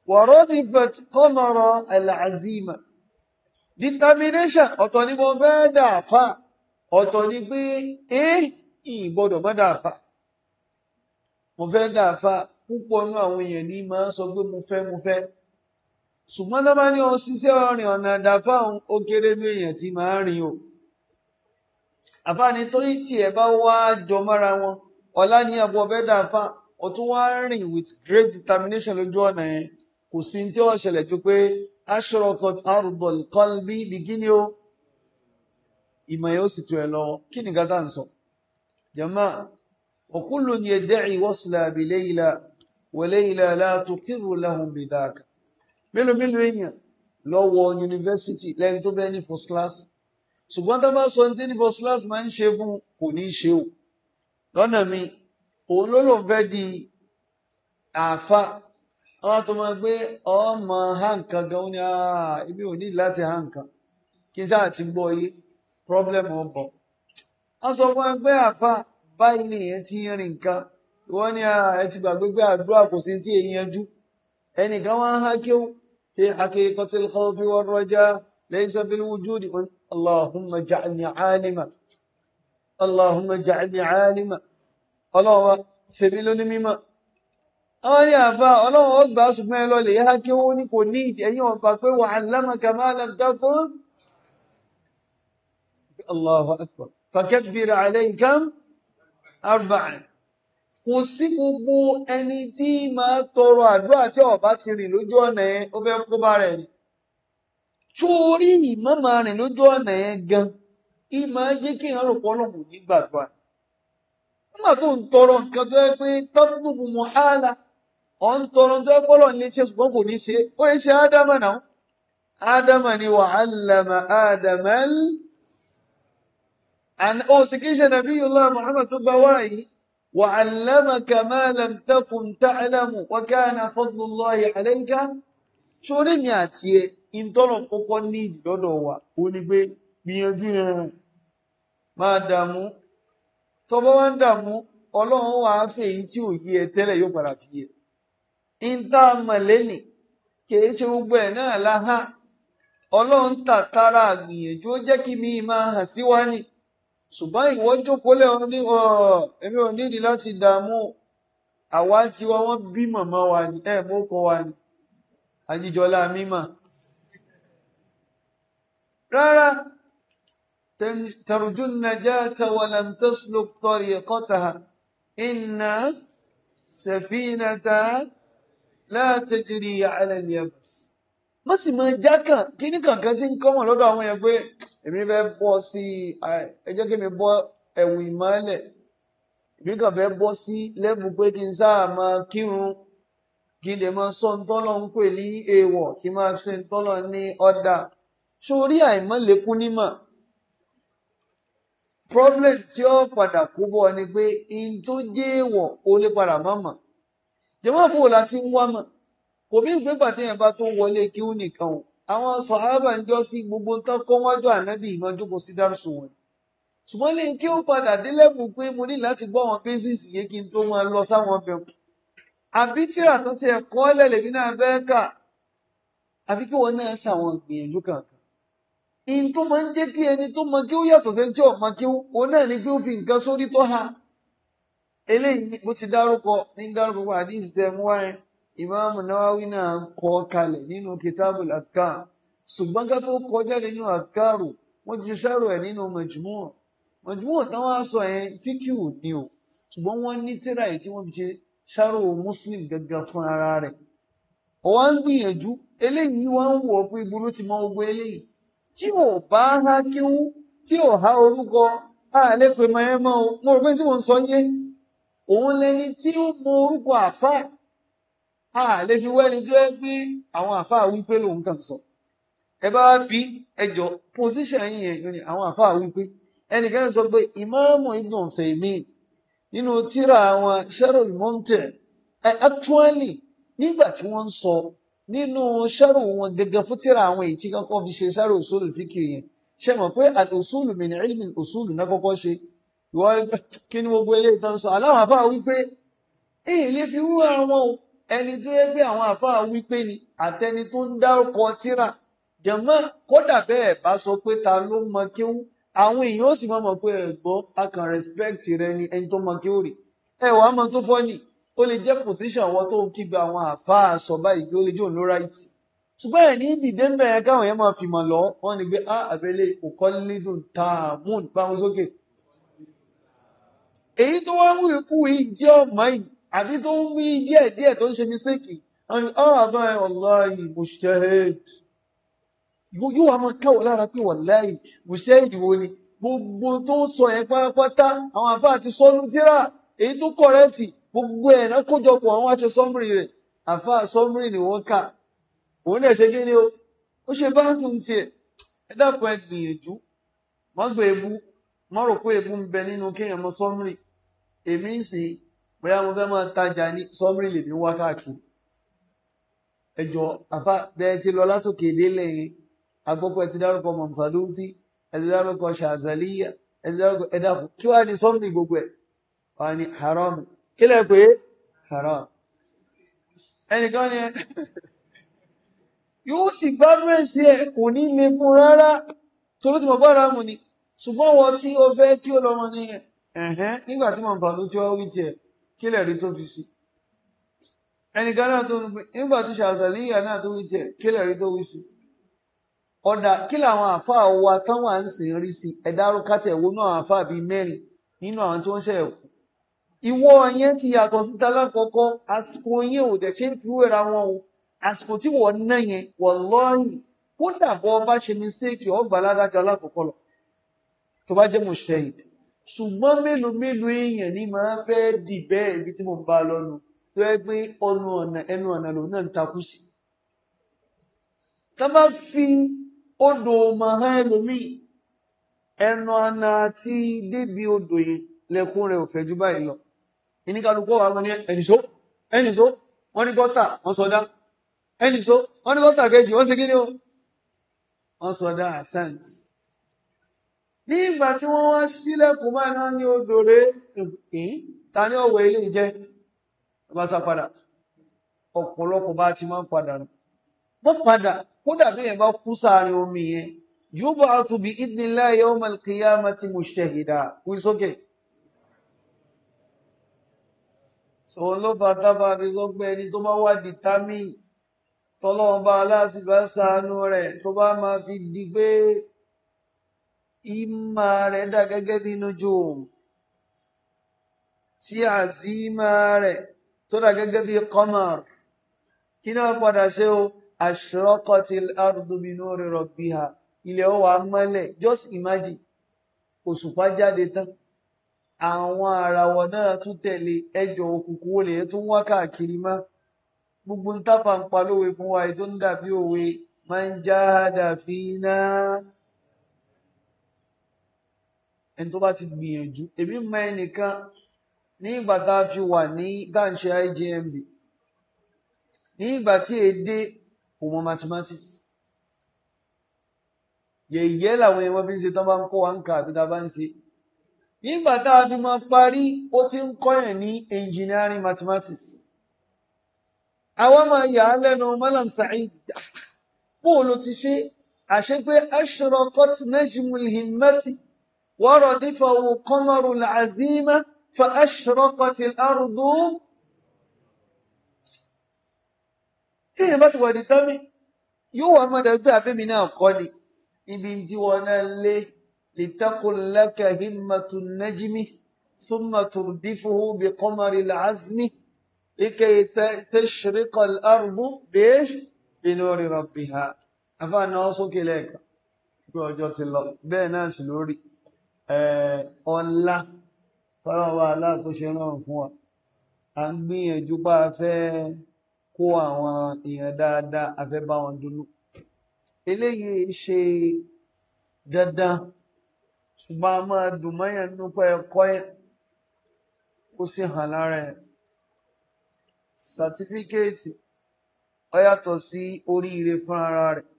wọ̀rọ̀ ti fẹ̀t kọ́mọ̀rọ̀ alazima determination ọ̀tọ̀ ni mo fẹ́ dàáfà ọ̀tọ̀ ni pé ẹ́ ìgbọ́dọ̀ má dàáfà mo fẹ́ dàáfà púpọ̀ nú àwọn èèyàn ní máa ń sọ pé mo fẹ́ mo fẹ́ ṣùgbọ́n tó bá ọ ṣiṣẹ́ ọrìn ọ̀nà dàáfà ó kéré ní èèyàn tí máa rìn o àfáàní tó yí tiẹ̀ bá wá jọ mọ́ra wọn ọ̀la ní àbọ̀ ọbẹ̀ dà fa ọ̀tún wá rìn with great determination lójú ọ̀nà yẹn kò sí tí ó ṣẹlẹ̀ ju pé ashraqat ardul qalbi bìgínì o ìmọ̀ yóò sì tu ẹ lọ́wọ́ kí ni gàdá ń sọ jama wa kullun yadda'i wasla bi Layla wa Layla la tuqirru lahum bidhaka mélòó mélòó èèyàn lọ́wọ́ yunifásitì lẹ́yìn tó bẹ́ẹ̀ ní first ṣùgbọ́n tó bá sọ ní tíní first class máa ń ṣe fún kò ní í ṣe o lọ́nà mi òun ló lòun fẹ́ di àáfà wọ́n sọ wọn pé ọmọ ha nǹkan gan ó ní ibi ah, ò ní láti ha nǹkan kí n sáà ti gbọ́ yé problem ọ̀bọ̀ wọ́n sọ wọn pé àáfà báyìí nìyẹn ti ń rìn nǹkan wọ́n ní ah, ẹ ti gbàgbé pé àdúrà kò sí tí èyí yanjú ẹnìkan wọn á há ó ṣe àkèkọ́tẹ́lẹ́kọ́ fi wọ́n rọjá lẹ́yìn sọ́fẹ́lẹ́ òdìkan اللهم اجعلني عالما اللهم اجعلني عالما ọlọ́wọ́ sèmi ló ní mímọ̀ àwọn ní àfà ọlọ́wọ́ ọgbà ṣùgbọ́n ẹ lọlẹ̀ yá kí ó ní kò ní ẹ̀yìn ọba pé wà alámàkà máa làm dákún Allahu akbar fàkẹ́bìrì àlẹ́yìnkán arba'an kò sí gbogbo ẹni tí máa tọrọ àdúrà tí ọba ti rìn lójú ọ̀nà ẹ ó fẹ́ kó bá rẹ̀ ni sórí ìmọ̀mọ̀ rìn lójú ọ̀nà yẹn gan ìmọ̀ jẹ́ kí èèyàn rò pọ̀ ọlọ́run ní gbàdúrà nígbà tó ń tọrọ nǹkan tó yẹ pé tọ́tùbù mọ̀hálà ọ̀ ń tọrọ tó yẹ pọ́lọ̀ ní ṣe ṣùgbọ́n kò ní ṣe ó yẹ ṣe ádámà náà ádámà ni wa allama ádámà ó sì kí ṣe nabiyullah Muhammad tó gba wáyé wa allamaka ma lam takun ta'lamu wa kana ṣorí mi àti ẹ̀ ìtọ́lọ̀ kọ́kọ́ ní dọdọ wà ó ní pé gbìyànjú yẹn máa dàmú tó wá ń ọlọ́run wà á fẹ́ tí ò yí ẹ tẹ́lẹ̀ yóò padà fi yẹ ìta mọ̀lẹ́nì kìí ṣe gbogbo ẹ̀ náà láhá ọlọ́run tàtàrà gbìyànjú ó jẹ́ mi máa hàn sí wá ní ṣùgbọ́n jókòó lẹ́wọ̀n ní ẹ̀mí ò nídìí láti tiwa bí wa wa rara tẹrùjú najata walam tasluk tariqataha inna safinata la tajri ala al-yabs wọ́n sì máa já kàn kíní kankan tí ń kọ́mọ̀ lọ́dọ̀ àwọn yẹn pé èmi fẹ́ bọ́ sí ẹ jẹ́ kí mi bọ́ ẹ̀wù ìmọ̀lẹ̀ èmi kàn fẹ́ bọ́ sí lẹ́bùn pé kí n n sórí àìmọ́ lékún nímọ̀ problem tí ó padà kó bọ́ ni pé in tó jẹ́ èèwọ̀ ó lè padà má mọ̀ jẹ́mọ́ bò láti ń wá mọ̀ kò bí ìgbégbà tí yẹn bá tó wọlé kí ó nìkan o àwọn sàhábà ń jọ sí gbogbo nǹkan kọ́ wájú ànábì ìmọ̀ jókòó sí dárúsù wọn ṣùgbọ́n lè kí ó padà délẹ́bù pé mo ní láti gbọ́ àwọn basics yé kí n tó máa lọ sáwọn bẹ̀rù àbí tíra tó ti ẹ̀kọ́ lẹ́lẹ̀mí náà bẹ́ẹ̀ kà àfi kí wọn náà ṣàwọn gbìyànjú kankan in tó ma ń jẹ́ kí ẹni tó mọ kí ó yàtọ̀ sẹ́ni tí ò mọ ni fi ha eléyìí bó ti dárúkọ ní dárúkọ pé àdìs dẹm wáyé ìmáàmù kọ kalẹ̀ nínú kìtàbù àtká ṣùgbọ́n ká tó kọjá nínú àtkáàrò wọ́n ti ṣàrò ẹ̀ ni o ṣùgbọ́n wọ́n ní tíra fi muslim fún ara rẹ̀ ọ̀wá gbìyànjú eléyìí pé ti mọ tí ò bá há kíú tí ò há orúkọ a lè ẹ mọ o mo rò pé tí mo ń sọ yé òun lẹni tí ó mọ orúkọ àfà a lè tó ẹ gbé àwọn àfà wípé lòun kàn sọ ẹ bá bí ẹjọ pòsíṣàn yìí yẹn ni àwọn àfà wípé ẹnìkan sọ pé ìmáàmù Ibn Uthaymeen nínú tírà àwọn Sharhul Mumti' actually nígbà tí wọ́n ń sọ nínú ṣẹ́rù wọn gẹ́gẹ́ fún tíra àwọn èyí tí kọ́kọ́ fi ṣe ṣẹ́rù òṣùlù fíkì yẹn ṣe mọ̀ pé òṣùlù mi ní ilmi òṣùlù náà kọ́kọ́ ṣe ìwọ kí ni gbogbo eléyìí tó ń sọ aláwọn àfáà wípé èyí lè fi wúra wọn o ẹni tó yẹ pé àwọn àfáà wípé ni àtẹni tó ń dárúkọ tíra jẹ̀mọ́ kódà bẹ́ẹ̀ bá sọ pé ta ló mọ kéwú àwọn èèyàn ó sì mọ̀ pé ẹ̀gbọ́n a kàn respect rẹ ni ẹni tó mọ kéwú rè ẹ̀ wàá tó fọ́ nìyí ó lè jẹ́ position àwọn tó ń kígbe àwọn àfáà sọ báyìí pé ó lè jẹ́ òun ló ráìtì ṣùgbọ́n ẹ̀ ní dìde ń bẹ̀rẹ̀ káwọn yẹn máa fi mọ̀ lọ wọ́n ní pé ah àbẹ̀lẹ̀ òkò lídùn ta moon báwọn sókè èyí tó wá ń wí kú yìí jẹ́ ọ̀mọ́ yìí àbí tó ń wí díẹ̀ díẹ̀ tó ń ṣe mistake àwọn ni ọ̀rọ̀ àbá wallahi mujtahid yóò wá máa káwọ̀ lára pé wallahi mujtahid wo ni gbogbo tó sọ yẹn pátápátá àwọn àfáà ti sọ́nù tíra èyí tó kọ̀rẹ́tì gbogbo ẹ̀ náà kójọpọ̀ àwọn aṣọ sọ́mùrì rẹ̀ àfa sọ́mùrì ni wọ́n kà òun náà ṣe kí ni o ó ṣe bá sùn tiẹ̀ ẹ dákun ẹ gbìyànjú má gbé ebú má rò pé ebú ń bẹ nínú kéèyàn mọ sọ́mùrì èmi ń sìn bóyá mo fẹ́ máa tajà ní sọ́mùrì lèmi wá káàkiri ẹjọ àfa bẹ́ẹ̀ ti lọ látòkè délé yẹn agbọ́pọ̀ ẹ ti dárúkọ mọ̀mùsàdúntì ẹ ti dárúkọ ṣàzàlíyà ẹ ti dárúkọ ẹ dákun kí wàá ní sọ́mùrì gbogbo ẹ̀ wàá ní haramu kí lẹ pé haram ẹnìkan ni yóò sì gbádùn ẹ̀sìn ẹ̀ kò ní le fún rárá torí tí mo gbọ́ haramu ni ṣùgbọ́n wọ́n tí ó fẹ́ kí ó lọ́mọ nìyẹn nígbà tí mo ń bàlú tí wọ́n wí tiẹ̀ kí lẹ̀ rí tó fi sí ẹnìkan náà tó ń pè nígbà tí ṣàzàlì ìyá náà tó wí tiẹ̀ kí lẹ̀ rí tó wí sí ọ̀dà kí làwọn àáfàá wa táwọn à ń sìn rí sí ẹ̀dá arúkátẹ̀ wo náà àáfàá bíi mẹ́rin nínú àwọn tí wọ́n ṣẹ̀ ìwọ yẹn ti yàtọ̀ sí talákọ̀ọ́kọ́ àsìkò yẹn ò dẹ̀ ṣe ń fi wéra wọn o àsìkò tí wọ́n ná yẹn wallahi kódà bọ́ bá ṣe mistake ọgbà ládájọ́ alákọ̀ọ́kọ́ lọ tó bá jẹ́ mujtahid ṣùgbọ́n mélòó mélòó èèyàn ni màá fẹ́ dì bẹ́ẹ̀ ibi tí mo bá lọ́nu tó yẹ pé ọ̀nà ọ̀nà ẹnu ọ̀nà lòun náà ń takú sí. tá bá fi odò màá ẹlòmíì ẹnu ọ̀nà àti débi odò yẹn lẹ́kùn rẹ̀ ò fẹ́ jù báyìí lọ ìníkàlùkù wà wọn ní ẹnìṣó ẹnìṣó wọn ní gọ́tà wọn sọdá ẹnìṣó wọn ní gọ́tà kejì wọn sì kí ni o wọn sọdá ascent ní ìgbà tí wọ́n wá sílẹ̀kùn báyìí náà ní odò rẹ̀ ta ní ọ̀wọ̀ ilé jẹ́ bá sá padà ọ̀pọ̀lọpọ̀ bá ti máa ń padà nù bó padà kódà bí yẹn bá kú sáàrin omi yẹn yóò bá a tún bí idnillahi yawmal qiyamati mushahida wí sókè. Okay. sòun ló fa tábà fi gbogbo ẹni tó bá wà dìtámì tọ́lọ́run bá aláàsì bá ṣàánú rẹ̀ tó bá máa fi di pé ìmà rẹ̀ dà gẹ́gẹ́ bí nujum tí àzímà rẹ̀ tó dà gẹ́gẹ́ bí qamar kí náà padà ṣe o ashraqatil ardu bi nuri rabbiha ilẹ̀ ó wà just imagine òṣùpá jáde tán àwọn àràwọ̀ náà tún tẹ̀lé ẹjọ́ òkùnkùn olè tún wá káàkiri mọ́ gbogbo ń táfà ń pa lówe fún wa ètò ń dàbí òwe máa ń já dàfí iná ẹni tó bá ti gbìyànjú èmi mọ ẹnìkan ní ìgbà tá a fi wà ní dáǹṣe IJMB ní ìgbà tí èdè kò mọ mathematics yẹ̀yẹ́ làwọn ẹ̀wọ̀n fi ń ṣe tán bá ń kó wa ń kà àbí tá a bá ń ṣe nígbà tá a fi máa parí ó ti ń kọ́yàn ní engineering mathematics àwọn máa yà á lẹ́nu Malam Saheed bóò ló ti ṣe àṣẹ pé ashraqat najmul himmati waradifahu qamarul azima fa ashraqatil ardu tí èèyàn bá ti wà ní tọ́mí yóò wà mọ́ dàgbé àbẹ́mi náà kọ́ ni ibi tí wọ́n náà lé لتقل لك همة النجم ثم تردفه بقمر العزم لكي تشرق الأرض بإيش؟ بنور ربها أفان نوصك إليك بوجوت الله بيناس لوري أولا فلا ألا كشنون فوا أنبي جبا فيه kó àwọn èèyàn dáadáa afẹ́ bá dandan ṣùgbọ́n a máa dùn mọ́yàn nínú pé ẹ̀kọ́ ẹ̀ kó sì hàn lára ẹ̀ sàtífíkẹ́ẹ̀tì ó yàtọ̀ sí oríire fún ara rẹ̀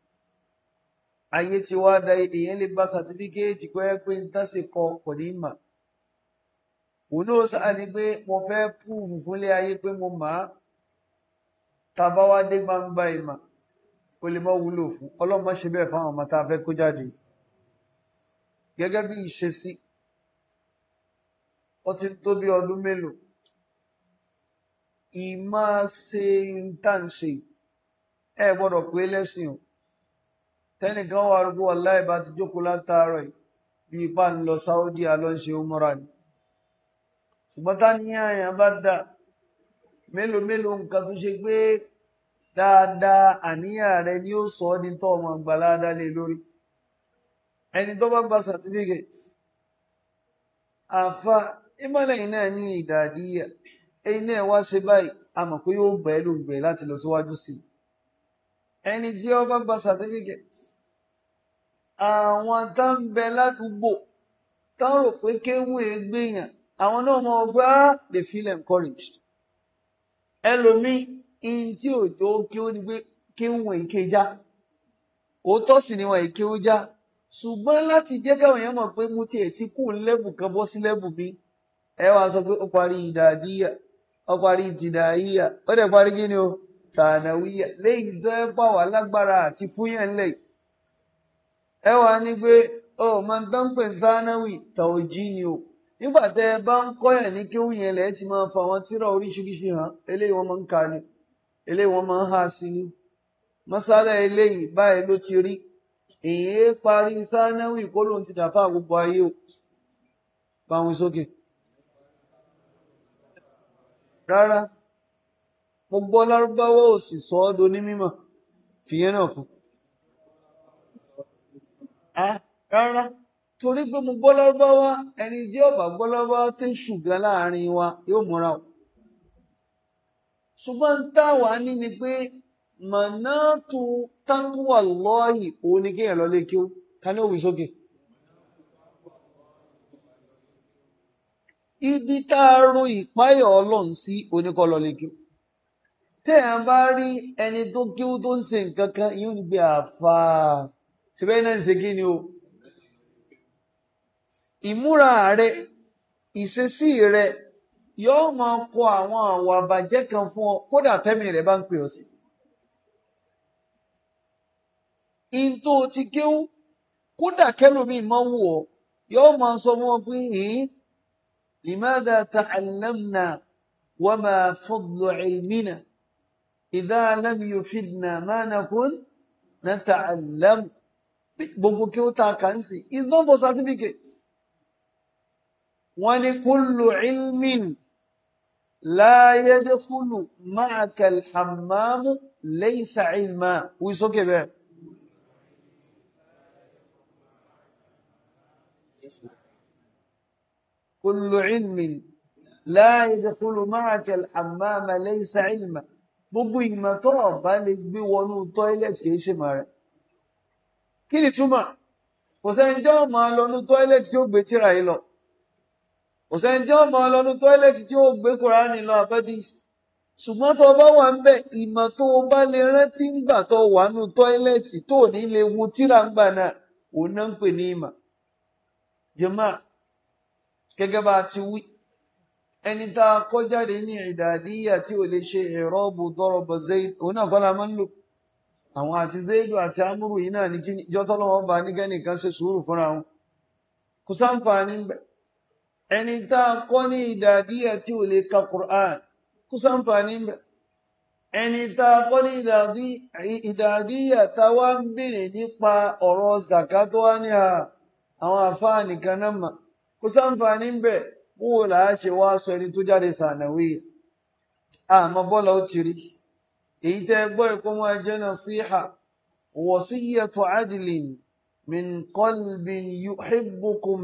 ayé ti wá da èèyàn lè gba sàtífíkẹ́ẹ̀tì pé pé ń tẹ́sí kọ kò ní mà òun náà sáà ni pé mo fẹ́ púùfù fúnlé ayé pé mo mà á tàbá wá dé gbangba ìmà o lè mọ wúlò fún ọlọ́mọ ṣe bẹ́ẹ̀ fáwọn ọmọ tá a fẹ́ kó jáde yìí gẹ́gẹ́ bí ìṣesí ó ti tó bí ọdún mélòó ìmọ̀ ṣe ń tà ń ṣe ẹ gbọ́dọ̀ pé lẹ́sìn o tẹ́nìkan wà rúgbó aláì bá ti jókòó látàárọ̀ bí ipá ń lọ Saudi alọ́ṣe umra ni ṣùgbọ́n tá ní àyàn bá dà mélòó mélòó nǹkan tó ṣe pé dáadáa àníyàn rẹ ni ó sọ ọ́ ní tọ́ ọmọ ìgbàládá lé lórí ẹni tó bá gba certificate àfa ìmọ̀lẹ́yìn náà ní ìdàdíyà ẹni náà wá ṣe báyìí a mọ̀ pé yóò bẹ̀ẹ́ ló ń bẹ̀ẹ́ láti lọ síwájú sí i ẹni tí ó bá gba certificate àwọn tá ń bẹ ládùúgbò tá rò pé kéwọ́n ègbéyàn àwọn náà mọ ọgbà ah, they feel encouraged ẹlòmíì in tí òjò kí ó ní pé kéwọ́n èkéjá òótọ́ sì ni wọn èkéwọ́n já. ṣùgbọ́n láti jẹ́ káwọn èèyàn mọ̀ pé mo tiẹ̀ ti kú lẹ́bù kan bọ́ sí lẹ́bù mi ẹ wá sọ pé ó parí ìdàdíyà ó parí ìdìdàyà ó dẹ̀ parí kí ni o tànàwíyà léyìí tó ẹ bá wà lágbára àti ẹ wá ní pé ó máa ń tán pè o nígbà tẹ ẹ bá ń kọ́yàn ní kéwù yẹn ti máa fa àwọn oríṣiríṣi hàn eléyìí máa ń ka ni eléyìí máa ń ni eléyìí báyìí ló ti èyí parí sánáwì kó lóun ti dàfà gbogbo ayé o bá sókè rárá mo gbọ́ lárúbáwá ò sì sọ ọ́ ní mímọ̀ fìyẹn náà rárá torí pé mo gbọ́ lárúbáwá ẹni jẹ́ ọ̀bà gbọ́ lárúbáwá tí ń láàrin wa yóò múra o ṣùgbọ́n táwa ní ni pé mọ̀nàtù tákùwà lọ́ọ̀yì òun ni kéèyàn lọ́lé kí ó ká ní òwì sókè. ibi tá a ro ìpáyọ̀ ọlọ́run sí oníkọ́ lọ́lé kí ó. tẹ́ ẹ̀ bá rí ẹni tó kí ó tó ń ṣe nǹkan kan yóò ní gbé àfa síbẹ̀ náà ń ṣe kí o. ìmúra rẹ ìṣesí rẹ yóò máa kọ àwọn àwọn àbàjẹ́ kan fún ọ kódà tẹ́mi rẹ bá ń pè ọ in tó o ti géwú kódà kẹlòmíì máa wù ọ yóò máa sọ fún ọ pé ẹ̀ẹ́n limadha ta'allamna wa ma fadlu ilmina idha lam yufidna ma nakun nata'allam gbogbo kí ó ta kàǹsì is not for certificate wọ́n ní kullu ilmin la yadkhulu ma'aka al-hammamu laysa ilma wí sókè bẹ́ẹ̀. كل علم لا يدخل معك al ليس laysa ilma gbogbo ìmọ̀ tó ọ̀bá lè gbé wọnú tọ́ílẹ̀tì kìí ṣe màá rẹ̀ kí ni túmọ̀ kò sẹ́ni jẹ́ ọmọ lọ́nú tọ́ílẹ̀tì tí ó gbé tíra yìí lọ kò sẹ́ni jẹ́ ọmọ lọ́nú tọ́ílẹ̀tì tí ó gbé kùránì lọ àfẹ́dís ṣùgbọ́n tó bá wà ń bẹ ìmọ̀ tó o bá lè rántí ńgbà tó wà nú tọ́ílẹ̀tì tó ní lè wo tíra ńgbà náà òun náà ń pè ní ìmọ̀ jẹ́máà gẹ́gẹ́ bá ti wí ẹni tá a kọ́ jáde ní ìdàdíyà tí ò lè ṣe i'rabu daraba zaid òun náà kọ́ la máa ń lò àwọn àti zaidu àti amúrù yìí náà ní kí jọ́tọ́ lọ́wọ́ bá nígẹ́ nìkan ṣe sùúrù fúnra wọn kò sáǹfààní ń bẹ ẹni tá a kọ́ ní ìdàdíyà tí ò lè ka Qur'an kò sáǹfààní ń bẹ ẹni tá a kọ́ ní ìdàdíyà tá a wá ń bèrè nípa ọ̀rọ̀ zakato ní àwọn àfáà nìkan náà kò sáǹfààní ń bẹ̀ wò làá ṣe wá sọ ẹni tó jáde sànàwé àmọ́ bọ́lá ó ti rí èyí tẹ́ gbọ́ ẹ̀kọ́ máa min qalbin yuhibbukum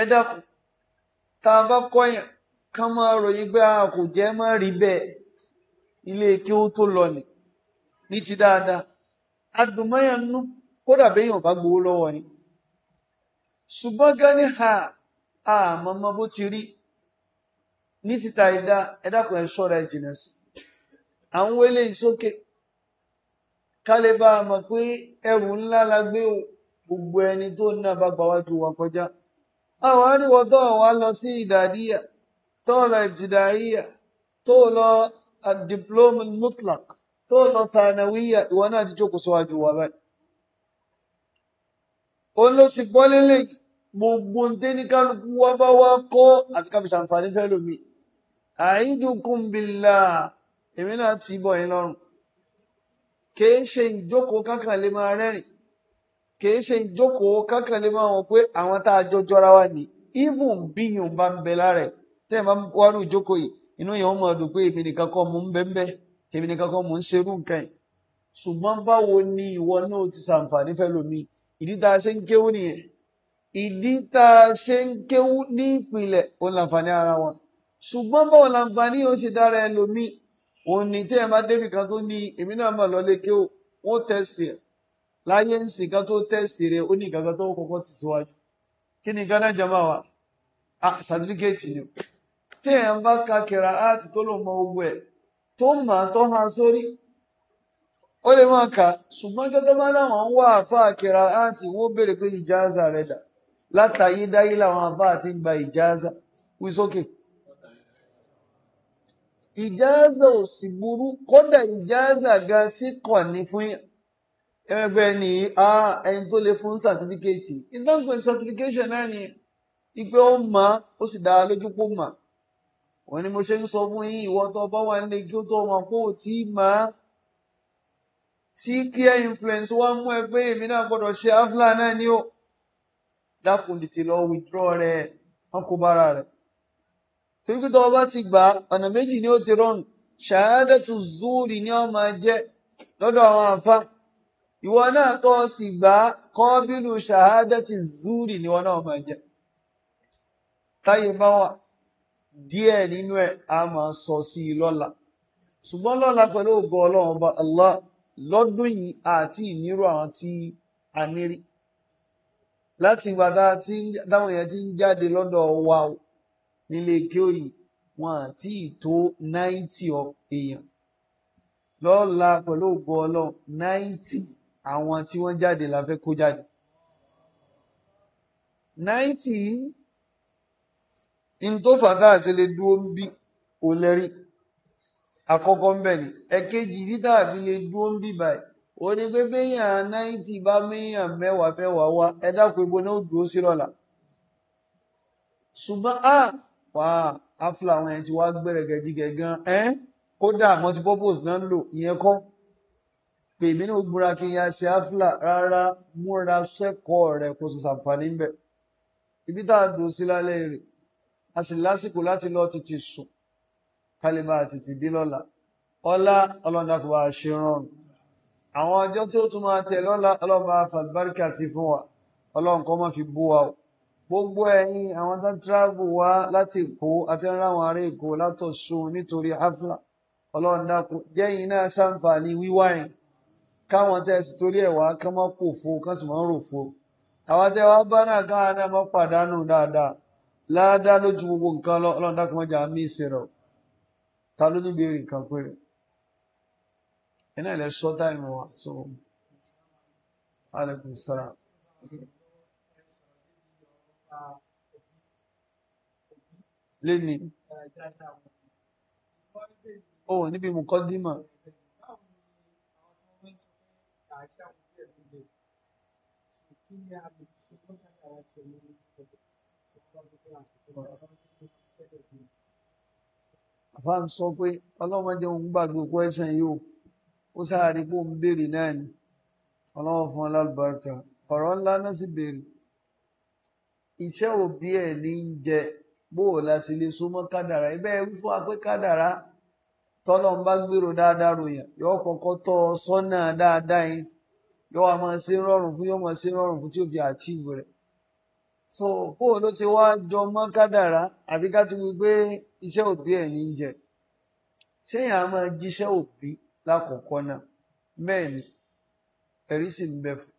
ẹ dákun tá a bá kọ́yàn ká máa ròyìn pé a kò jẹ́ má rí ilé kí ó tó lọ ní ti dáadáa nú kódà ṣùgbọ́n gan ní ha àmọ́mọ́ bó ti rí ní títa ẹ̀dá ẹ̀dàkùn ẹ̀ ṣọ́ra ẹ̀ jìnà sí àwọn wẹ́lẹ̀ ìsókè kálíbà mọ̀ pé ẹrù ńlá la gbé gbogbo ẹni tó ní abágbàwájú wa kọjá àwọn àríwọ̀ tó wà lọ sí ìdàdíyà tó lọ ìbtìdàíyà tó lọ diploma mutlak tó lọ sànàwíyà ìwọ náà ti jókòó síwájú wa báyìí òun ló sì gbọ́ lélẹ̀ gbogbo déníkálukú wá bá wá kọ́ àti káfí ṣàǹfààní fẹ́ lómi àìdùnkùn bìlà èmi náà ti bọ̀ yín lọ́rùn kìí ṣe ìjókòó kankan lè máa rẹ́rìn kìí ṣe ìjókòó kankan lè máa wọ̀ pé àwọn tá a jọ jọra wa ní even bíyùn bá ń bẹ lára ẹ̀ tẹ́ ẹ̀ máa ń wárú ìjókòó yìí inú yẹn wọ́n máa dùn pé èmi nìkan kọ́ mò ń bẹ́ ń bẹ́ èmi nìkan kọ́ mò ń ṣerú nǹkan yìí ṣùgbọ́n báwo ni ìwọ náà ti ṣàǹfààní fẹ́ lómi ìdí tá a ṣe ń kéwú nìyẹn ìdí tá a ṣe ń kéwú ní ìpìlẹ̀ òun làǹfààní ara wọn ṣùgbọ́n báwo làǹfààní yóò ṣe dára ẹ lómi òun ní tẹ́ ẹ bá débi kan tó ní èmi náà mà lọ lé kéwú wọ́n tẹ̀sì ẹ̀ láyé ń sìn kan tó tẹ̀sì rẹ̀ ó ní ìgbàgbọ́ tó kọ́kọ́ ti síwájú kí ni gánà jama wa ah sàtífíkẹ́ẹ̀tì ni tẹ́ ẹ bá ka kẹra áàtì tó lò mọ ogun ẹ̀ tó mà tó hàn sórí ó lè máa kà ṣùgbọ́n gẹ́gẹ́ bá láwọn ń wá àfa àkìrà àǹtí wọ́n béèrè pé ìjáza rẹ̀ dà látàyé dáyé làwọn àfa àti ń gba ìjáza wí sókè. ìjáza ò sì burú kódà ìjáza ga sí kọ̀ fún ẹgbẹ́ ni a ẹni tó lè fún sàtífíkẹ́tì ìdánpẹ́ sàtífíkẹ́ṣọ̀n náà ni ipe ó mà ó sì dára lójú pó mà wọ́n ní mo ṣe ń sọ fún yín ìwọ bá wà nílé kí ó tó ọmọ pé ó tí máa tí peer influence wá mú ẹ pé èmi náà gbọ́dọ̀ ṣe afla náà ni ó dákun tètè lọ withdraw rẹ wọn kó bára rẹ torí pé tọwọ́ bá ti gbà ọ̀nà méjì ni ó ti rọrùn ṣàádẹ́tù zúùrì ni ó máa jẹ́ lọ́dọ̀ àwọn àfa ìwọ náà tó sì gbà kọ́bílù ṣàádẹ́tù zúùrì ni wọn náà máa jẹ́ táyé bá wà díẹ̀ nínú ẹ̀ a máa sọ sí i lọ́la ṣùgbọ́n lọ́la pẹ̀lú ògo ọlọ́run ọba Allah lọ́dún yìí àti ìnírò àwọn tí a ní rí láti ìgbà táwọn èèyàn ti ń jáde lọ́dọ̀ wa nílé kéò yìí wọn àti ìtó náìtì èèyàn lọ́la pẹ̀lú ògbó ọlọ́run náìtì àwọn tí wọ́n jáde la fẹ́ kó jáde náìtì yìí n tó fàtà ṣe dúró ń bí òlẹ́rìí àkọ́kọ́ ń bẹ̀ ni ẹ̀kejì níta àbí lè dúró ń bì báyìí ó ní pé béèyàn náìtì bá méèyàn mẹ́wàá mẹ́wàá wá ẹ dákun egbò náà ó dúró sí lọ́la ṣùgbọ́n a wà á fúlà àwọn ẹni tí wàá gbẹ̀rẹ̀gẹ̀dígẹ̀ gan ẹ́ kódà multipurpose náà ń lò ìyẹn kọ́ pè mí náà múra kí n ya ṣe áfúlà rárá múra sẹ́kọ̀ọ́ rẹ̀ kó sì ṣàǹfààní ń bẹ̀ ibi tá a dùn sí lálẹ́ rẹ̀ a sì lásìkò láti lọ títí sùn kálíbà àtìtì dí lọ́la ọlá ọlọ́dàkùnbà ṣe rọrùn àwọn ọjọ́ tí ó tún máa tẹ̀ lọ́la ọlọ́ba fàbáríkà sí fún wa ọlọ́run kọ́ mọ́ fi bú wa o gbogbo ẹ̀yin àwọn tó ń travel wá láti èkó àti ńlá àwọn ará èkó látọ̀sùn nítorí hafla ọlọ́run dákun jẹ́yìn náà ṣàǹfààní wíwá yẹn káwọn tẹ́ sì torí ẹ̀ wá kán mọ́ pò fo kán sì mọ́ rò fo àwọn tẹ́ wá bá náà káwọn náà mọ́ pàdánù dáadáa láàdá lójú gbogbo nǹkan ọlọ́run mọ́jà mí ìsìn rẹ̀ ta ló ní béèrè kan péré iná ilẹ̀ sọ táìmù wa so alaikum salaam. lẹ́ni ó níbi mùkọ́dímọ̀ Thank you. àfa ń sọ pé ọlọ́run jẹ́ òun gbàgbé òkú ẹ̀sìn yìí o ó sáàrí pé òun béèrè náà ni ọlọ́run fún ọlọ́lùbáràtà ọ̀rọ̀ ńlá náà sì béèrè iṣẹ́ òbí ẹ̀ ní í jẹ bóò la sì lè so mọ́ kádàrá ibẹ̀ ẹ fún wa pé kádàrá tọ́lọ́run bá gbèrò dáadáa ròyìn yọ so bó ló ti wá jọ mọ́ kádàrá àbí ká tún gbé iṣẹ́ òbí ẹ̀ ní jẹ ṣéyàn á máa jíṣẹ́ òbí lákọ̀ọ́kọ́ náà bẹ́ẹ̀ ni ẹ̀rí sì ń bẹ fún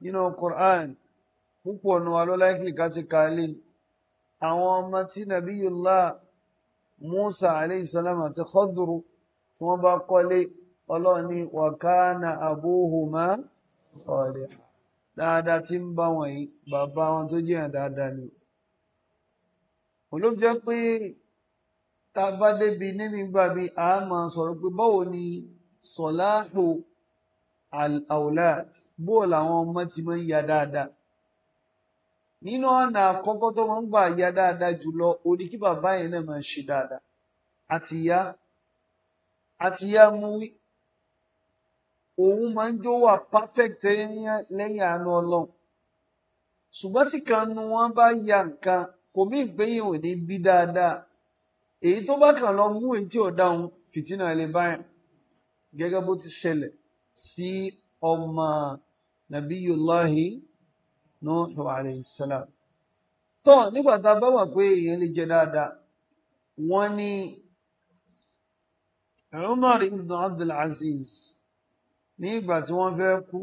nínú Quran púpọ̀ ọ̀nà alọ́láìkì ká ti ka ilé àwọn ọmọ tí Nabiyullah Musa alayhi salam àti Khadru tí wọ́n bá kọ́lé ọlọ́ọ̀ni wa kana abuhuma salih dáadáa tí ń bá wọn yìí bàbá wọn tó jẹ́ yàn dáadáa ni olóòjọ pé tá a bá débi nínú ìgbà mi a máa sọ̀rọ̀ pé báwo ni sọ̀láàpò al-awlad bóò làwọn ọmọ ti máa ń ya dáadáa nínú ọ̀nà àkọ́kọ́ tó máa ń gbà ya dáadáa jùlọ orí kí bàbá yẹn náà máa ṣe dáadáa àti ya mú wí òun máa ń jó wà perfect lẹ́yìn àánú ọlọ́run ṣùgbọ́n tí kan nu ya nǹkan kò mí ìgbéyìn ò ní bí dáadáa èyí tó bá kàn lọ mú èyí tí ò dáhùn fìtínà ẹ si báyìí gẹ́gẹ́ bó ti ṣẹlẹ̀ sí ọmọ nàbíyùláhi Nuhu alayhi salam tọ́ nígbà tá a bá wà pé èèyàn lè ní ìgbà tí wọ́n fẹ́ kú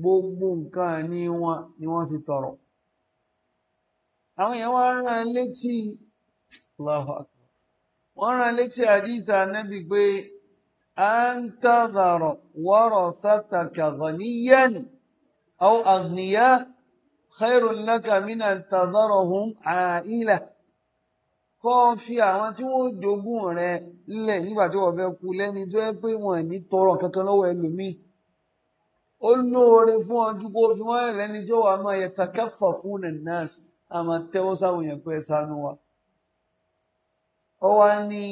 gbogbo nǹkan ní wọn ni wọ́n fi tọrọ àwọn èèyàn wọ́n rán létí wọ́n rán létí àdíta anábì pé a ń tàzàrọ̀ wọ́rọ̀ sátàkàzọ̀ ní yẹ́nì àwọn àgbìyà khairun laka tàzàrọ̀ hùn àìlà kọ́ fi àwọn tí wọ́n jogún rẹ lẹ̀ nígbà tí wọ́n fẹ́ kú lẹ́ni tó yẹ pé wọ́n ní tọrọ kankan lọ́wọ́ ẹlòmíì ó lóore fún ọdún kó fi wọ́n lẹ́ni tí wọ́n máa yẹ takẹ́fà fún nẹ́ẹ̀sì a máa tẹ́wọ́ sáwọn èèyàn pé ẹ ṣàánú wa. ọ wá ní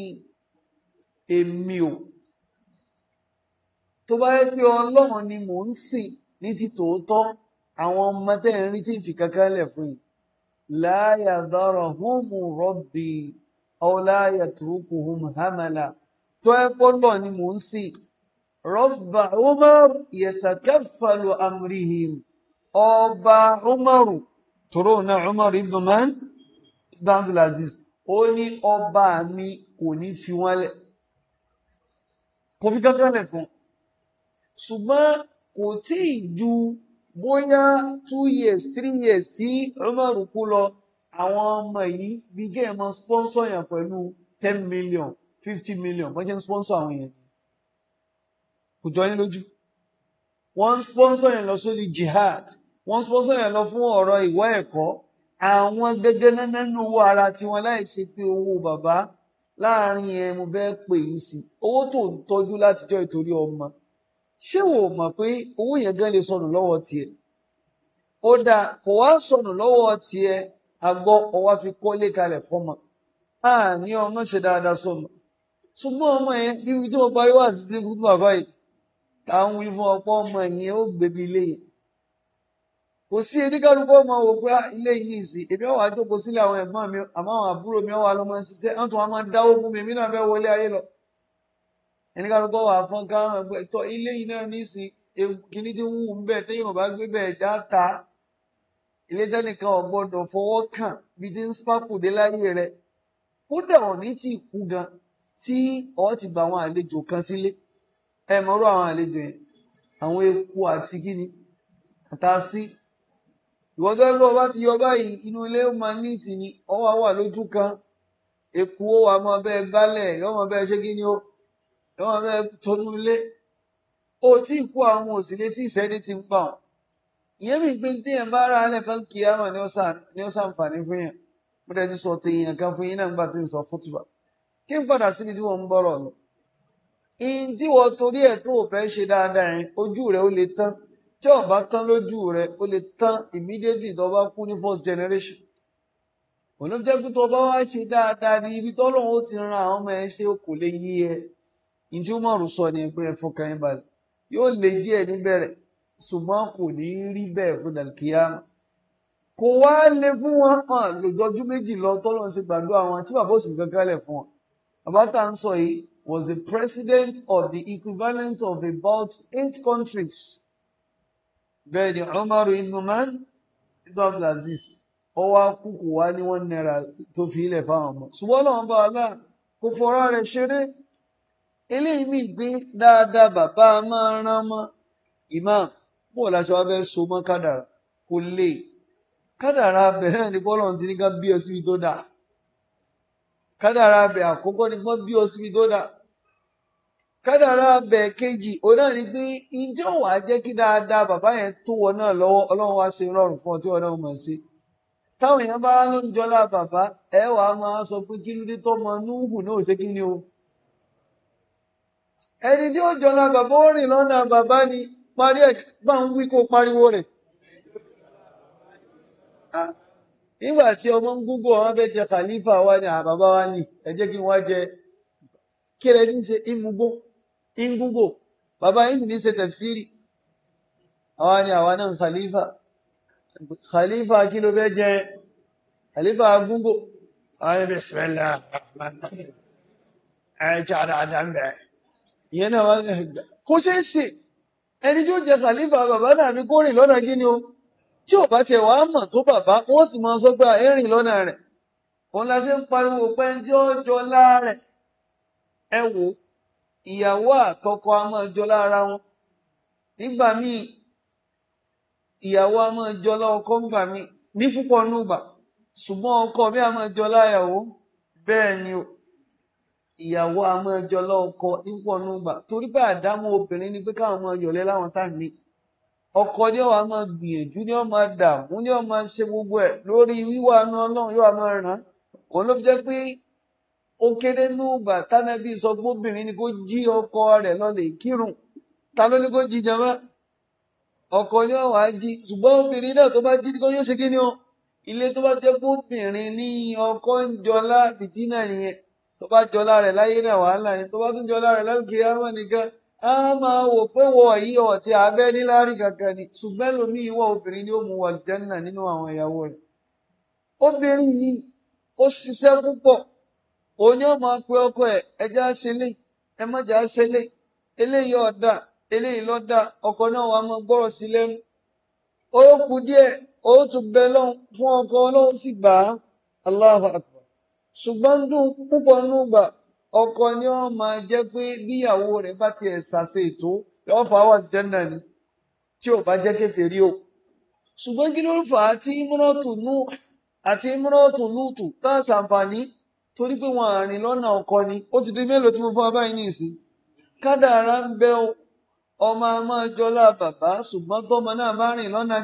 èmi ò tó bá yẹ pé ọlọ́run ni mò ń sìn ní ti tòótọ́ àwọn ọmọ tẹ́ ń rí tí ń fi kankan lẹ̀ fún yìí لا يذرهم ربي أو لا يتركهم هملا تقول الله نمونسي رب عمر يتكفل أمرهم أبا عمر ترون عمر ابن من؟ ابن عبد العزيز ó ní ọba mi kò ní fi wọ́n lẹ̀ kò fi kankan lẹ̀ bóyá two years three years tí Umaru kú lọ àwọn ọmọ yìí bí gẹ́ẹ̀ mọ sponsor yẹn pẹ̀lú ten million fifty million wọ́n jẹ́ sponsor àwọn yẹn kò jọ yín lójú wọ́n sponsor yẹn lọ sórí jihad wọ́n sponsor yẹn lọ fún ọ̀rọ̀ ìwá ẹ̀kọ́ àwọn gẹ́gẹ́ nánú owó ara tiwọn láì ṣe pé owó bàbá láàrin ẹ̀ mo fẹ́ pè yìí sí owó tó ń tọ́jú látijọ́ ìtorí ọmọ ṣé wò ó mọ̀ pé owó yẹn gan lè sọnù lọ́wọ́ tiẹ̀ ó dáa kò wá sọnù lọ́wọ́ tiẹ̀ àgọ́ ọwá fi kọ́lé kalẹ̀ fọ́mọ a ní ọmọ ṣe dáadáa sọmọ ṣùgbọ́n ọmọ yẹn bíbi tí mo parí wà títí fún bàbá yìí à ń wí fún ọ̀pọ̀ ọmọ yẹn ó gbèbí ilé yẹn kò sí eníkàlùkù ọmọ wò pé ah, ilé yìí ní ìsìn èmi ọwà jókòó sílẹ̀ àwọn ẹ̀gbọ́n mi àmọ́ àwọn àbúrò mi ọwà lọmọ ṣiṣẹ́ wọn tún wọn máa dáwó fún mi mí náà fẹ́ wọlé ayé lọ ẹnìkanukọ wà fọn ká tọ ilé yìí náà nísìn kíní tí ń wù ń bẹ téèyàn bá gbé bẹ ẹja ta ilé tẹnìkan ò gbọ́dọ̀ fọwọ́ kàn bí ti ń spapòdé láyé rẹ kódà òní tí ì kú gan tí ọ ti gba àwọn àlejò kan sílé ẹ mọrú àwọn àlejò yẹn àwọn eku àti kíni àtàsí ìwọ́jọ́ ló bá ti yọ báyìí inú ilé ó máa ní ìtì ni ọwọ́ wà lójú kan eku wà mọ́ bẹ́ẹ̀ gbálẹ̀ yọ́ mọ́ bẹ́ẹ̀ ṣé kí ó wọ́n fẹ́ tónú ilé ó tí kú àwọn òsìlé tí ìṣẹ́ni ti ń gbà wọn ìyẹn mi gbé téèyàn bá ara alẹ́ fẹ́ kí ama ni ó sàǹfààní fún yẹn mo dẹ̀ ti sọ téèyàn kan fún yín náà nígbà tí ń sọ fútùbà kí n padà síbi tí wọ́n ń bọ̀rọ̀ lọ ìyìn tí wọ́n torí ẹ̀ tó fẹ́ ṣe dáadáa yẹn ojú rẹ̀ ó lè tán tí ó bá tán lójú rẹ̀ ó lè tán immediately tó bá kú ní first generation òun ló jẹ́ pé tó bá wá ṣe dáadáa ní ibi tọ́lọ́run ó ti ran àwọn ọmọ ẹ ṣe kò lè yí ẹ ntí Umaru sọ ni pé ẹfọ yín balẹ̀ yóò lè díẹ̀ níbẹ̀rẹ̀ ṣùgbọ́n kò ní rí bẹ́ẹ̀ fún dàlkíyàmù kò wá lè fún wọn hàn lòjọjú méjì lọ tọ́lọ́ ṣe gbàdúrà wọn tí bàbá òsì nǹkan kalẹ̀ fún wọn bàbá ń sọ yìí was the president of the equivalent of about eight countries bẹ́ẹ̀ ni Umaru inuman ibn Abdulaziz ọwọ́ akúkú wa ní wọ́n náírà tó fi ilẹ̀ fáwọn ọmọ ṣùgbọ́n làwọn bá a lá kò fọra rẹ̀ ṣeré eléyìí mi gbé dáadáa bàbá máa rán mọ, imam bó láṣọ wa fẹ́ so mọ́ kádàrá kò lè kádàrá abẹ náà ni bọ́lọ̀ ti ní ká bí ọ síbi tó dáa kádàrá abẹ àkọ́kọ́ ni wọ́n kejì òun náà ni pé ǹjẹ́ ò wá jẹ́ kí dáadáa bàbá yẹn tó wọ náà lọ́wọ́ ọlọ́run wá ṣe rọrùn fún ọ tí náà mọ̀ sí táwọn èèyàn bá ló ń jọlá bàbá ẹ wàá sọ pé kí ló dé ẹni tí ó jọra bàbá ó rìn lọ́nà bàbá ni parí ẹ̀ bá ń wí kó pariwo rẹ̀ nígbà tí ọmọ ń gúgò àwọn fẹ́ jẹ khalifa wa ni àbàbá wa ni ẹ jẹ́ kí n wá jẹ kí rẹ ní ṣe ìmúgbó ìngúgò bàbá yìí sì ní ṣe tẹ̀fsírì àwa ni àwa náà khalifa khalifa kí ló fẹ́ jẹ khalifa gúgò. ayé bismillah ẹ jẹ́ àdáadáa ń bẹ̀rẹ̀ ìyẹn náà wá kó ṣeé ṣe ẹni tí ó jẹ khalifa bàbá náà ni kó rìn lọ́nà gíní o tí ò bá tiẹ̀ wàá mọ̀ tó bàbá wọ́n sì máa sọ pé ẹ rìn lọ́nà rẹ̀ òun la ṣe ń pariwo pé ẹni tí ó jọ láàrẹ̀ ẹ wò ìyàwó àtọkọ a jọ lára wọn nígbà míì ìyàwó a jọ lá ńgbà míì ní púpọ̀ nùgbà ṣùgbọ́n ọkọ mi a jọ láyàwó bẹ́ẹ̀ ni o ìyàwó a máa jọ lọ́kọ nípò ọ̀nùgbà torí pé àdámọ́ obìnrin ni pé káwọn máa yọ̀lẹ́ láwọn tá ní ọkọ ni ó wá máa gbìyànjú ni ó máa dààmú ni ó máa ṣe gbogbo ẹ̀ lórí wíwá àánú ọlọ́run yóò máa ràn òun ló fi jẹ́ pé ó kéré núgbà tánàbí sọ pé obìnrin ni kó jí ọkọ rẹ̀ lọ́lẹ̀ kírun ta ló ní kó jí jama ọkọ ni ó wá jí ṣùgbọ́n obìnrin náà tó bá jí kó yóò ṣe kí ni ilé tó bá jẹ́ pé obìnrin ní ọkọ ń jọlá fìtínà nìyẹn tó bá jọlá rẹ̀ láyé náà wàhálà yẹn tó bá tún jọlá rẹ̀ lálùkì àmọ́ nìkan á máa wò pé wọ yí ọtí abẹ níláárí kankan ni ṣùgbọ́n lómi ìwọ obìnrin ni ó mú wọ jẹnà nínú àwọn ìyàwó rẹ̀ obìnrin yìí ó ṣiṣẹ́ púpọ̀ òun yóò máa pe ọkọ ẹ̀ ẹjẹ á ṣe lé ẹ mọjà á ṣe lé eléyìí ọdà eléyìí lọdà ọkọ náà wàá máa gbọ́rọ̀ sí lẹ́nu ó kù díẹ̀ ó tún bẹ lọhùn fún ọkọ Ọlọ́run sì gbà á Allahu akbar. ṣùgbọ́n dùn púpọ̀ nùgbà ọkọ ni wọ́n máa jẹ́ pé níyàwó rẹ̀ bá tiẹ̀ ṣàṣe ètò yóò wà jẹ́nà ni tí ò bá jẹ́ o ṣùgbọ́n kí ló fà á tí imúrọ̀tù nù àti imúrọ̀tù lùtù tá a ṣàǹfààní torí pé ọkọ ni ó ti di mélòó tí mo fún abáyé ní ìsìn kádàrá ń bẹ ọmọ a máa jọlá bàbá ṣùgbọ́n tọ́mọ náà bá rìn lọ́nà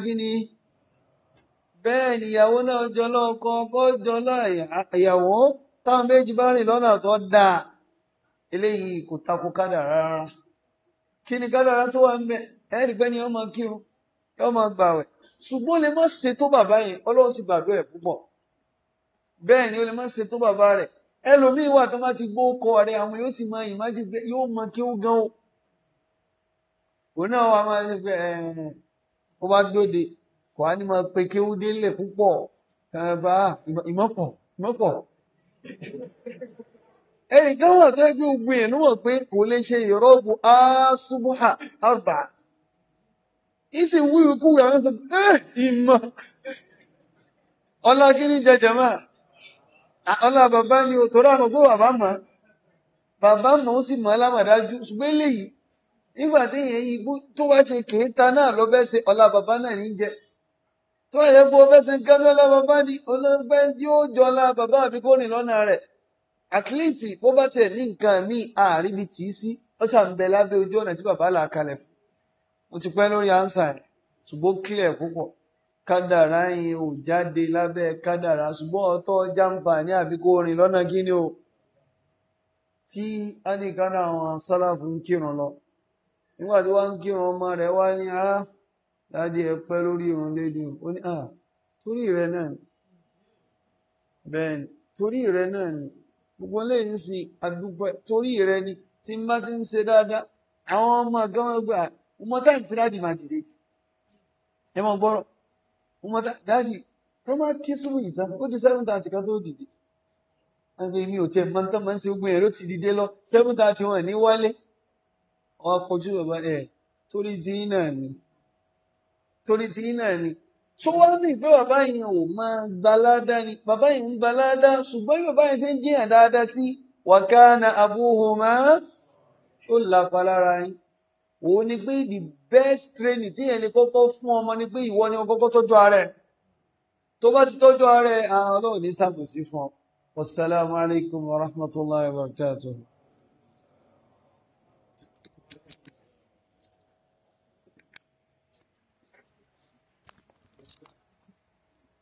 bẹ́ẹ̀ nìyàwó náà jọlọ́ ọkọ ọkọ jọlọ́ ìyàwó táwọn méjì bá rìn lọ́nà tó dáa eléyìí kò tako kádà rárá kí ni tó wà ń bẹ ẹ̀rì pé ni wọ́n máa kírun wọ́n máa gbàwẹ̀ ṣùgbọ́n lè má ṣe tó bàbá yẹn ọlọ́run sì gbàdúrà ẹ̀ púpọ̀ bẹ́ẹ̀ ni ó lè má ṣe tó bàbá rẹ̀ ẹlòmíì wà tó má ti gbó kọ rẹ̀ àwọn yóò o òun wà á ní máa pe kéwú délẹ̀ púpọ̀ kàbá ìmọ̀pọ̀ ìmọ̀pọ̀. ẹnì kan wà tó ẹgbẹ́ ogun yẹn pé kò lè ṣe ìrọ́bù asubuha arba ìsì wíwí kú àwọn sọ pé ìmọ̀ ọlọ́kíní jẹjẹmọ́ baba ni baba ta lọ baba tó yẹ kó fẹsẹ̀ ń kánú ọlá bàbá ni olóńgbẹ́ tí ó jọlá bàbá mi kó rìn lọ́nà rẹ̀ at least bó bá ní nǹkan mi àárín mi tì í sí ó ṣàǹbẹ̀ lábẹ́ ojú ọ̀nà tí bàbá là ti pẹ́ lórí ansa ẹ̀ ṣùgbọ́n clear púpọ̀ kádàrá yẹn ò jáde lábẹ́ kádàrá ṣùgbọ́n ọtọ́ jàǹfààní rìn o tí àwọn sálàfù lọ nígbà tí wọ́n ọmọ rẹ̀ wá ní dádì ẹ pẹ́ lórí irun lédi ó ní à ah, torí rẹ náà ni bẹ́ẹ̀ ni torí rẹ náà ni gbogbo lè ń sin àdúgbò torí rẹ ni tí má ti ń ṣe dáadáa àwọn ọmọ ọgá wọn gbà ọmọ táyì tí dádì máa dìde ẹ mọ gbọrọ ọmọ dádì tó máa kí súnmù yìí tán ó di seven thirty kan tó dìde àgbẹ̀ mi ò tiẹ̀ máa ń tán máa ń ṣe gbogbo yẹn ti dìde lọ seven thirty wọn ní wálé ọkọ̀ ojú bàbá ẹ̀ torí dín náà ni torí ti yín náà ni tó wá mí pé bàbá yẹn ò máa gbalada ni bàbá yẹn ń gbalada ṣùgbọ́n bí bàbá yẹn ṣe ń jiyàn dáadáa sí wàkánà abúhùmá ó lápá lára yín òun ni pé the best training tí yẹn lè kọ́kọ́ fún ọmọ ni pé ìwọ ni wọn kọ́kọ́ tọ́jú ara ẹ̀ tó bá ti tọ́jú ara ẹ̀ àwọn ah, ọlọ́run ní sàkóso fún ọ. wasalaamualeykum wa rahmatulahi wa barakatuhu.